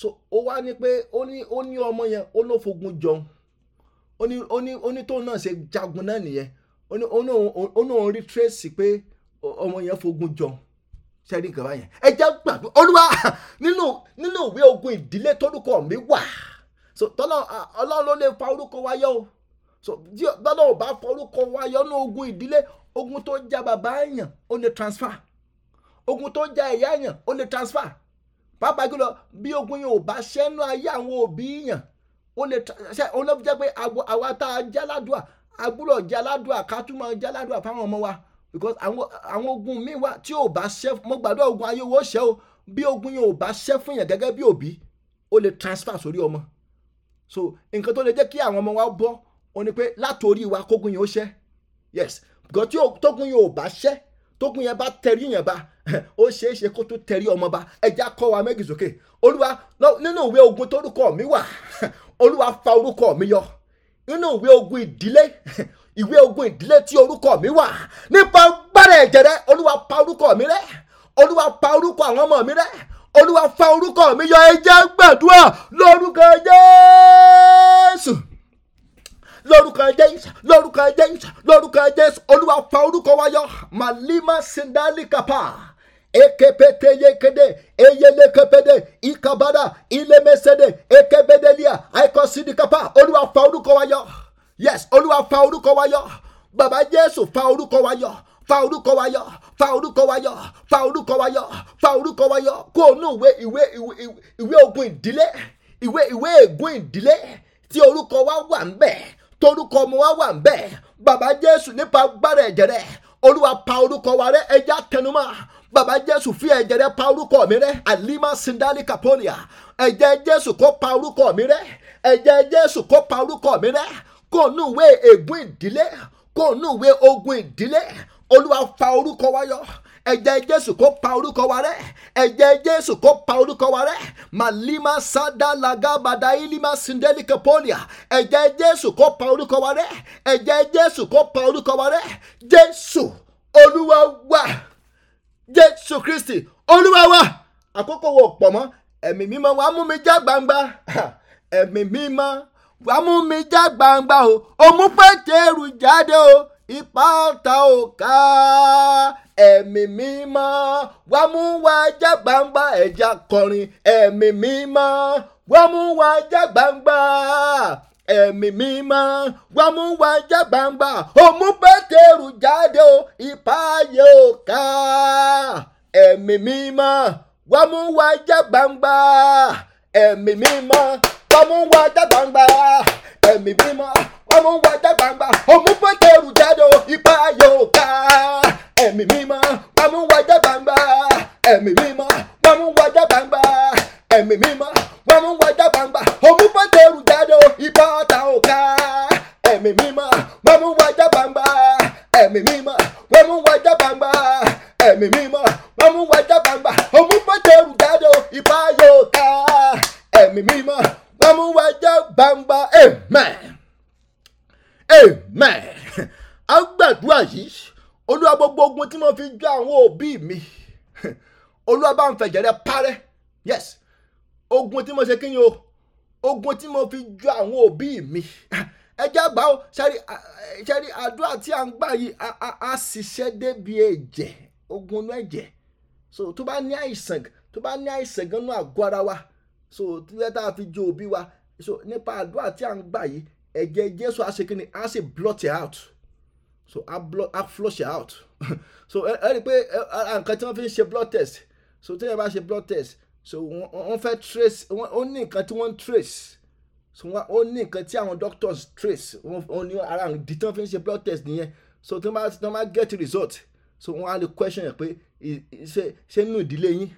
so O wá ní pé O ní O ní ọmọ yẹn O ló fogun jọun O ní O ní O ní tóun náà ṣe jagun náà nìyẹn O ní O ní O rí tracy pé ọmọ yẹn fogun jọun sẹ́ẹ̀dì nǹkan báyẹn ẹ jẹ́ gbàgbé olúwa nínú nínú ìwé ogun ìdílé tórúkọ mi wà so tọ́lọ́ ah, ọlọ́run ló lè fa orúkọ wa o so tí tọ́lọ́ ò bá fa orúkọ wa yọ ní ogun ìdílé ogun tó já bàbá èèyàn ó lè transfer ogun tó já ìyá èèyàn ó lè transfer pàápàá jùlọ bí ogun yẹn ò bá ṣẹ́nu ayé àwọn òbí èèyàn ó lè ṣe olóbi jẹ́ pé àwa tá a já ládùá a já ládùá ká tún máa já ládùá fáwọn ọmọ wa because àwọn ogun míì wà tí ò bá ṣẹ́ mo gbàdúrà ogun ayé owó ṣẹ́ o bí ogun yẹn ò bá ṣẹ́ fún yẹn gẹ́gẹ́ bí òbí ó lè transfer sórí ọmọ so nǹkan tó lè jẹ́ kí àwọn ọmọ wa bọ́ ó ní pé látòrí wa kógun yẹn ó ṣẹ́ yes gan tí tógun yẹn ò bá ṣẹ́ tógun yẹn bá tẹrí yẹn ba ó ṣeé ṣe kó tó tẹrí ọmọ ba ẹja kọ́ wa méjì sókè olúwa nínú ìwé ogun tórúkọ mi wà olúwa fa orúkọ mi yọ nínú ìwé ogun ìdílé ìwé ogun ìdílé tí orúkọ mi wà nípa gbára ẹ̀jẹ̀ rẹ olúwa pa orúkọ mi rẹ́ olúwa pa orúkọ àwọn ọmọ mi rẹ́ olúwa fa orúkọ mi yọ ẹ jẹ́ gbàdúrà lórúkọ jésù lórúkọ jésù lórúkọ jésù lórúkọ jésù olúwa fa orúkọ wa yọ màlímà sindali kapa ekepete yekede eyele eyelekepede ikabada ilemesede ekebedelia aikosidikapa olúwa fa orúkọ wa yọ yes olúwa fa orúkọ wa yọ baba jésù fa orúkọ wa yọ fa orúkọ wa yọ fa orúkọ wa yọ fa orúkọ wa yọ fa orúkọ wa yọ kó o nú ìwé ìwé ìwé ogun ìdílé ìwé ìwé ègún ìdílé tí orúkọ wa wà ń bẹ̀ torúkọ ọmọ wa wà ń bẹ̀ bàbá jésù nípa agbára ẹ̀jẹ̀ rẹ̀ olúwa pa orúkọ wa rẹ́ ẹja tẹnumọ́ bàbá jésù fi ẹ̀jẹ̀ rẹ̀ pa orúkọ mi rẹ́ alima sindali kaponia ẹ̀jẹ̀ jésù kó pa orúkọ mi rẹ́ ẹ̀jẹ̀ jésù kó pa orúkọ mi rẹ́ kó nú ìwé ègún ìdílé kó nú ìwé ogun ìdílé olúwa fa orúkọ wa yọ ẹ̀jẹ̀ jésù kó pa orúkọ wa rẹ́ ẹ̀jẹ̀ jésù kó pa orúkọ wa rẹ́ màlímà sádà làgàbàdà ìlímà sindélìkà pọ́lìà ẹ̀jẹ̀ jésù kó pa orúkọ wa rẹ́ ẹ̀jẹ̀ jésù kó pa orúkọ wa rẹ́ jésù olúwa wa jésù kristi olúwa wa àkókò wo pọ̀ mọ́ ẹ̀mí mímọ́ wàá mú mi já gbangba ẹ̀mí mímọ́ wàá mú mi já gbangba o òmùpẹ̀tẹ̀rù jáde o ipá ọ̀tá ò ká ẹ̀mí mímọ́ wàá mú wa jẹ́ gbangba ẹ̀já kọrin ẹ̀mí mímọ́ wàá mú wa jẹ́ gbangba ẹ̀mí mímọ́ wàá mú wa jẹ́ gbangba òmú pétérù jáde o ipá ẹ̀mí mímọ́ wàá mú wa jẹ́ gbangba ẹ̀mí mímọ́ wàá mú wa jẹ́ gbangba ẹ̀mí mímọ́ amúwájà gbangba òmùpẹ̀tẹ̀rù jáde ipa yóò ká ẹ̀mí mímọ́ amúwájà gbangba ẹ̀mí mímọ́ amúwájà gbangba ẹ̀mí mímọ́ amúwájà gbangba òmùpẹ̀tẹ̀rù jáde ipa ta ò ká ẹ̀mí mímọ́ amúwájà gbangba ẹ̀mí mímọ́ amúwájà gbangba ẹ̀mí mímọ́ amúwájà gbangba òmùpẹ̀tẹ̀rù jáde ipa yóò ká ẹ̀mí mímọ́ amúwájà gbangba amen amen a gbàdúrà yìí olúwa gbogbo ogun tí mo fi jọ àwọn òbí mi olúwa bá ń fẹ̀jẹ̀ rẹ yes ogun tí mo ṣe kí ni o ogun tí mo fi jọ àwọn òbí mi ẹ àgbà ó ṣẹ́rí àdúrà tí à ń gbà yìí a ṣiṣẹ́ débi ẹ̀jẹ̀ ogun inú ẹ̀jẹ̀ so tó bá ní àìsàn tó bá ní àìsàn gan nú àgọ́ ara wa so tí lẹ́tà fi jọ òbí wa so nípa àdúrà tí à ń gbà yìí ẹ̀jẹ̀ jésù á ṣe kíni á sì blot it out so á blot á flush it out so ẹ ẹ rí i pé nǹkan tí wọ́n fi ń ṣe blood test so tí wọ́n bá ṣe blood test so wọ́n fẹ́ trace wọ́n ó ní nǹkan tí wọ́n ń trace so wọ́n ó ní nǹkan tí àwọn doctors trace wọ́n ní ara ìdí tí wọ́n fi ń ṣe blood test nìyẹn so tí wọ́n bá get result so wọn á lè question ẹ pé ṣe ṣe nínú ìdílé yín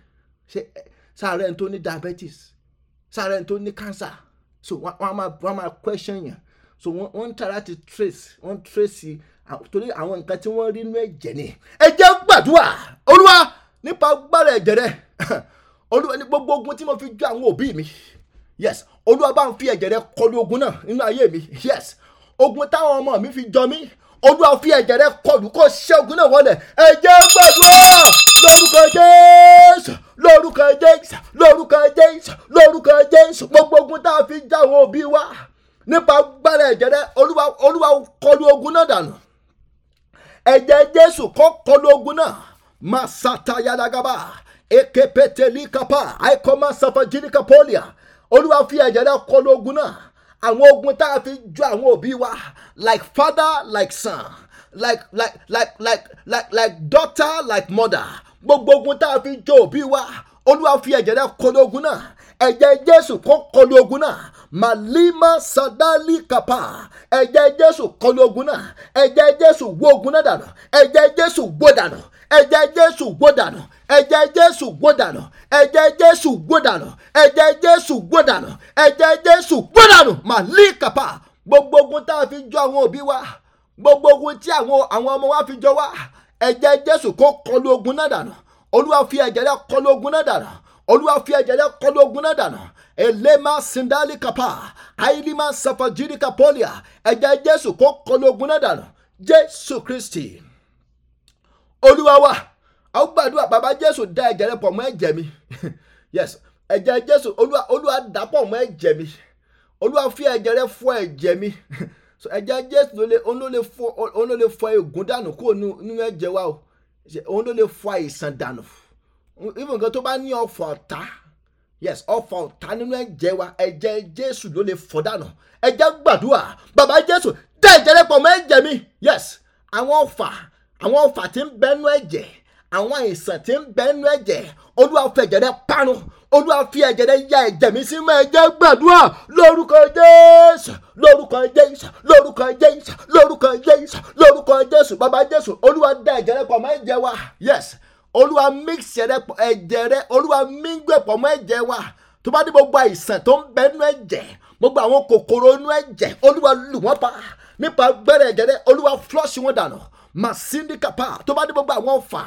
ṣe sáré ẹni tó ní diabetes sáré ẹni tó ní cancer so wọn á máa wọn á máa question yẹn so wọ́n tara ti trace wọ́n trace ah, torí àwọn nǹkan tí wọ́n rí inú ẹ̀jẹ̀ ni ẹ̀jẹ̀ gbàdúrà olúwa nípa agbára ẹ̀jẹ̀ rẹ olúwa ní gbogbo ogun tí mo fi ju àwọn òbí mi yes olúwa bá ń fi ẹ̀jẹ̀ rẹ kọlu ogun náà nínú ayé mi yes ogun táwọn ọmọ mi fi jọ mí olúwa fi ẹ̀jẹ̀ rẹ kọlu kó ṣẹ́ ogun náà wọlẹ̀ ẹ̀jẹ̀ gbàdúrà lórúkọ jésù lórúkọ jésù lórúkọ jésù lórúkọ jésù gbogbo ogun tá a fi já àwọn òbí wa nípa gbára ẹ̀jẹ̀ rẹ olúwa kọlu ogun náà dànù ẹ̀jẹ̀ jésù kọ́ kọlu ogun náà masata yadagaba ekepeteli kapa aikoma safajiri kapolia olúwa fi ẹ̀jẹ̀ rẹ kọlu ogun náà àwọn ogun tá a fi ju àwọn òbí wa like father like son like like like like like like daughter like mother gbogbo ogun tá a fi ju òbí wa olúwa fi ẹ̀jẹ̀ rẹ kọlu ogun náà ẹ̀jẹ̀ jésù kó kọlu ogun náà màlímà sadali kapa ẹ̀jẹ̀ jésù kọlu ogun náà ẹ̀jẹ̀ jésù ogun náà dànù ẹ̀jẹ̀ jésù wó dànù ẹ̀jẹ̀ jésù kapa gbogbo ogun fi jọ àwọn òbí wa gbogbo ogun tí àwọn ọmọ wa fi jọ wa ẹ̀jẹ̀ jésù kó kọlu ogun náà dànù olúwa fi ẹ̀jẹ̀ ogun náà dànù olúwa fi ẹ̀jẹ̀ rẹ kọlu ogun náà dànù elema sindali kapa ailima safajiri kapolia ẹ̀jẹ̀ jésù kó kọlu ogun náà dànù jésù kristi olúwa wa àwọn gbàdúrà bàbá jésù da ẹ̀jẹ̀ rẹ pọ̀ mọ́ ẹ̀jẹ̀ mi yes ẹ̀jẹ̀ jésù olúwa olúwa dàpọ̀ mọ́ ẹ̀jẹ̀ mi olúwa fi ẹ̀jẹ̀ rẹ fọ ẹ̀jẹ̀ mi so ẹ̀jẹ̀ jésù ló lè òun ló lè fọ òun ló lè fọ dànù kúrò nínú ẹ̀jẹ̀ wa o fọ àìsàn dànù even gan tó bá ní ọ̀fọ̀ ọ̀tá yes ọ̀fọ̀ ọ̀tá nínú ẹ̀jẹ̀ wa ẹ̀jẹ̀ jésù ló lè fọ̀ dànù ẹ̀jẹ̀ gbàdúrà bàbá jésù dá ẹ̀jẹ̀ rẹ pọ̀ mọ́ ẹ̀jẹ̀ mi yes àwọn ọ̀fà àwọn ọ̀fà tí ń bẹ́nu ẹ̀jẹ̀ àwọn àìsàn tí ń bẹ nínú ẹ̀jẹ̀ olúwa fi ẹ̀jẹ̀ rẹ parun olúwa fi ẹ̀jẹ̀ rẹ ya ẹ̀jẹ̀ mi sí mọ́ ẹ̀jẹ̀ gbàdúrà lórúkọ jésù lórúkọ jésù lórúkọ jésù lórúkọ jésù lórúkọ jésù bàbá jésù olúwa dà ẹ̀jẹ̀ rẹ pọ̀ mọ́ ẹ̀jẹ̀ wa yes olúwa mix ẹ̀rẹ́ pọ̀ ẹ̀jẹ̀ rẹ olúwa mingbẹ̀ pọ̀ mọ́ ẹ̀jẹ̀ wa tó bá ní gbogbo àìsàn tó ń bẹ nú ẹ̀jẹ̀ gbogbo àwọn kòkòrò nú ẹ̀jẹ̀ olúwa lù wọ́n pa nípa gbẹ̀rẹ̀ ẹ̀jẹ̀ rẹ olúwa flush wọn dànù màsíndìkàpà tó bá ní gbogbo àwọn ọ̀fà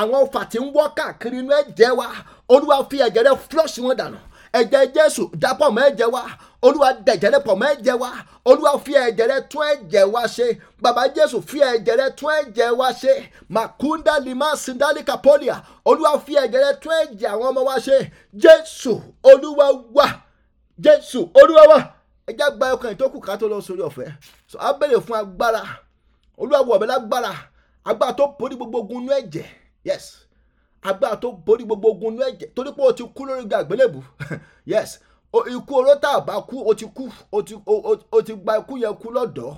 àwọn ọ̀fà tí ń wọ́ káàkiri nú ẹ̀jẹ̀ wa olúwa fi ẹ̀jẹ̀ rẹ flush wọn dànù ẹ̀jẹ̀ jésù dàpọ̀ mọ́ ẹ̀jẹ̀ wa olúwa dẹ̀jẹ̀ rẹ pọ̀ mọ́ ẹ̀jẹ̀ wa olúwa fi ẹ̀jẹ̀ rẹ tún ẹ̀jẹ̀ wa ṣe bàbá jésù fi ẹ̀jẹ̀ rẹ tún ẹ̀jẹ̀ wa ṣe makunda lima sindali kapolia olúwa fi ẹ̀jẹ̀ rẹ tún ẹ̀jẹ̀ àwọn ọmọ wa ṣe jésù olúwa wa jésù olúwa wa ẹjẹ gba ọkàn ìtókù ká tó lọ sórí ọ̀fẹ́ so a bèrè fún agbára olúwa wọ̀ bẹ́ẹ̀ lágbára agbára tó borí gbogbo ogun inú ẹ̀jẹ̀ yes agbára tó borí gbogbo ogun inú ẹ̀jẹ̀ torí pé o ti kú lórí gba àgbélébù yes ikú oró tá a bá kú o ti kú o ti gba ikú yẹn kú lọ́dọ̀ọ́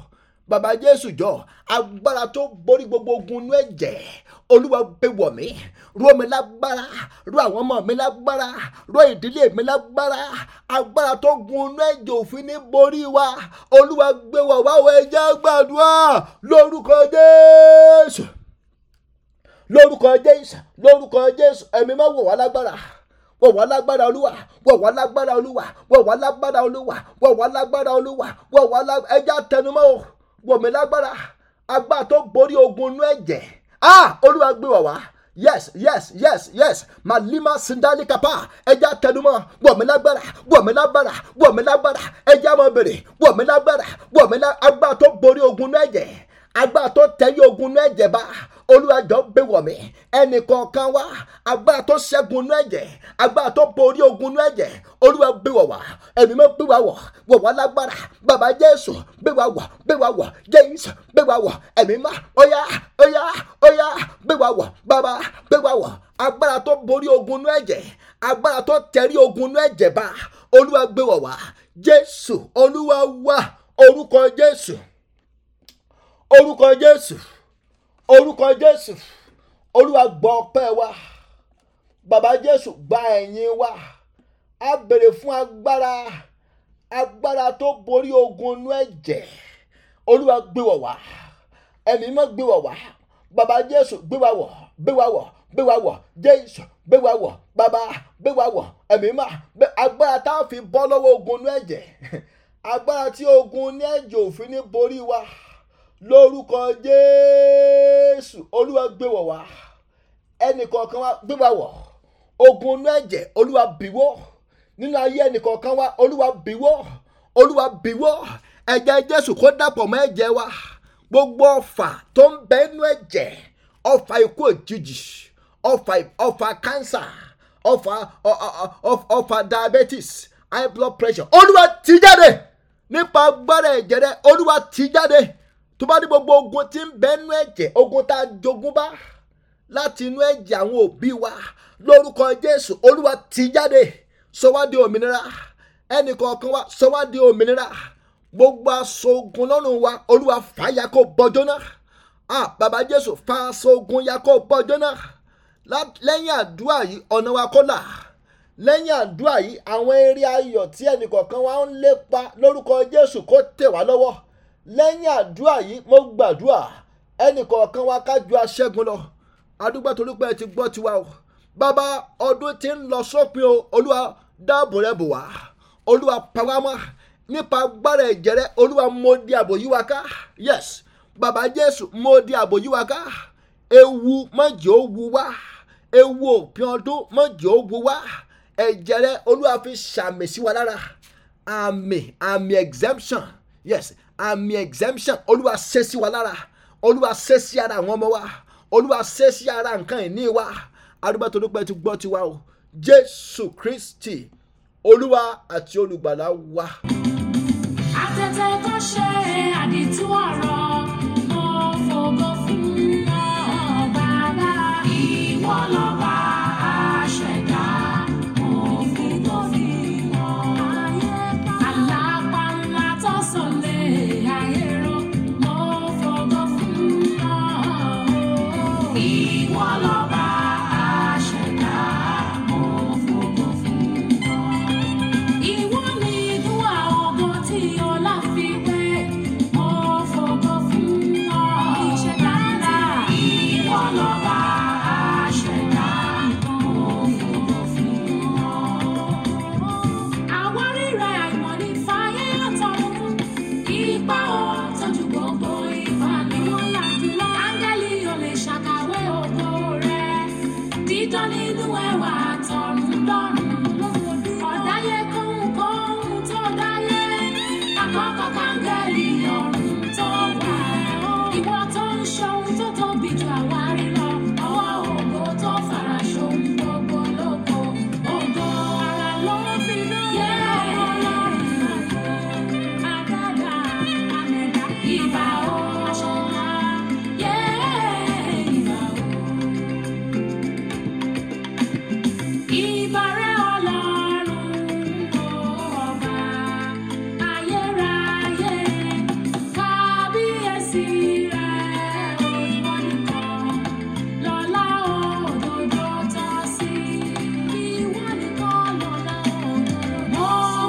bàbá jésù jọ agbára tó borí gbogbo ogun inú ẹ̀jẹ̀ olúwa bẹ wọ̀ mí rọ̀ mi lágbára rọ̀ àwọn ọmọ mi lágbára rọ̀ ìdílé mi lágbára agbára tó gun inú ẹ̀jẹ̀ òfin ní borí wa olúwa gbé wọ̀ wá wọ ẹ̀jẹ̀ gbàdúrà lórúkọ jésù lórúkọ jésù lórúkọ jésù ẹ̀mí máa wọ̀ wá lágbára wọ̀ wá lágbára olúwa wọ̀ wá lágbára olúwa wọ̀ wá lágbára olúwa wọ̀ wá lágbára olúwa wọ̀ wá lágbára ẹja tẹnumọ́ o wọ̀ mí lágbára agbá tó borí ogun inú ẹ̀jẹ̀ ah olúwa gbé wà wá yes yes yes yes malima sindali kapa ẹja tẹnumọ́ wọmi lágbára wọmi lágbára wọmi lágbára ẹja mọ bèrè wọmi lágbára wọmi lágbára agbá tó borí ogun náà jẹ agbára tó tẹ̀lé ogun inú ẹ̀jẹ̀ bá olùwàjọ gbéwọ̀ mi ẹnìkọ̀ọ̀kan wá agbára tó ṣẹ́gun inú ẹ̀jẹ̀ agbára tó borí ogun inú ẹ̀jẹ̀ olúwa gbéwọ̀ wá ẹ̀mí mọ́ gbéwà wọ̀ wọ̀ wá lágbára bàbá jésù gbéwà wọ̀ gbéwà wọ̀ jésù gbéwà wọ̀ ẹ̀mí mọ́ óyá óyá óyá gbéwà wọ̀ bàbá gbéwà wọ̀ agbára tó borí ogun inú ẹ̀jẹ̀ agbára tó tẹ̀rí ogun inú ẹ̀jẹ̀ bá olúwa gbéwọ̀ wá jésù olúwa wá orúkọ jésù orúkọ jésù orúkọ jésù olúwa gbọ́ ọpẹ́ wa bàbá jésù gba ẹ̀yìn wa a béèrè fún agbára agbára tó borí ogun inú ẹ̀jẹ̀ olúwa gbé wọ̀ wá ẹ̀mí mọ́ gbé wọ̀ wá bàbá jésù gbé wa wọ̀ gbé wa wọ̀ gbé wa wọ̀ jésù gbé wa wọ̀ bàbá gbé wa wọ̀ ẹ̀mí mà agbára tá a fi bọ́ lọ́wọ́ ogun inú ẹ̀jẹ̀ agbára tí ogun ní ẹ̀jẹ̀ òfin ní borí wa lórúkọ jésù olúwa gbé wọ̀ wá ẹnìkọ̀ọ̀kan wa gbé wa wọ̀ ogun inú ẹ̀jẹ̀ olúwa bìwọ́ nínú ayé ẹnìkọ̀ọ̀kan wa olúwa bìwọ́ olúwa bìwọ́ ẹ̀jẹ̀ jésù kó dàpọ̀ mọ́ ẹ̀jẹ̀ wa gbogbo ọ̀fà tó ń bẹ inú ẹ̀jẹ̀ ọ̀fà ikú òjijì ọ̀fà ọ̀fà kánsà ọ̀fà ọ̀fà diabetes high blood pressure olúwa ti jáde nípa agbára ẹ̀jẹ̀ rẹ olúwa ti jáde tó bá ní gbogbo ogun tí ń bẹ́nu ẹ̀jẹ̀ ogun tá a jogún bá láti inú ẹ̀jẹ̀ àwọn òbí wa lórúkọ Jésù Olúwa ti jáde sọ òmìnira ẹnìkọ̀ọ̀kan wa sọ wá di òmìnira gbogbo aṣogun lọ́rùn wa Olúwa fàáyà kó bọ́jọ́ náà ah bàbá Jésù fa aṣogun ya kó bọ́jọ́ náà lẹ́yìn àdúrà yìí ọ̀nà wa kó là lẹ́yìn àdúrà yìí àwọn eré ayọ̀ tí ẹnìkọ̀ọ̀kan wa ń lépa lórúkọ Jésù kó tẹ̀ wá lọ́wọ́ lẹ́yìn àdúrà yìí mo gbàdúrà ẹnìkọ̀ọ̀kan wa ká ju aṣẹ́gun lọ adúgbò torí pé ẹ ti gbọ́ tiwa o bàbá ọdún ti ń lọ sópin o olúwa dáàbò rẹ bò wá olúwa pàwámọ́ nípa agbára ẹ̀jẹ̀ rẹ olúwa mo di àbò yíwa ká yes bàbá jésù mo di àbò yíwa ká ewu mọ̀jẹ̀ ó wu wá ewu òpin ọdún mọ̀jẹ̀ ó wu wá ẹ̀jẹ̀ rẹ olúwa fi ṣàmì sí wa lára àmì àmì exemption yes àmì exemption olúwa ṣe sí wa lára olúwa ṣe sí ara àwọn ọmọ wa olúwa ṣe sí ara nǹkan ìní wa arúgbó tó dúpẹ́ ti gbọ́ tiwa o jésù kristi olúwa àti olùgbàlà wa. afẹ́fẹ́ tó ṣe àdìtú ọ̀rọ̀ mo fògo fún.